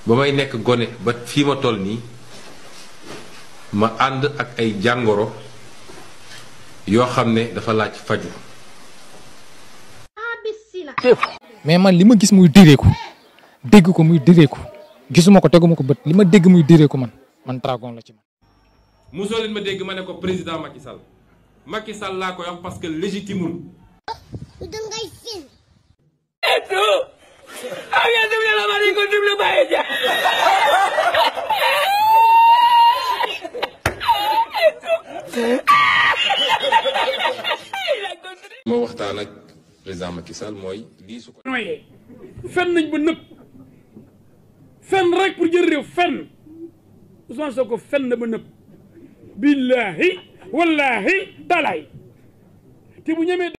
[SPEAKER 1] ba may nekk gone ba fii ma toll nii ma ànd ak ay jàngoro yoo xam ne dafa laaj faju
[SPEAKER 20] lima man lima gis muy ko dégg ko muy direeku gisuma ko teguma ko bëtt lima dégg muy ko man man dragon la ci man.
[SPEAKER 1] mana leen ma dégg mané ko président Macky Sall Macky Sall la koy wax parce que légitimul. dangay waxtaan président Macky Sall mooy
[SPEAKER 17] lii su ko. noyyee fenn nañ ba nëpp fenn rek pour jël réew fenn Ousmane fen fenn na ba nëpp. billaahi wallaahi talaay te bu ñemee.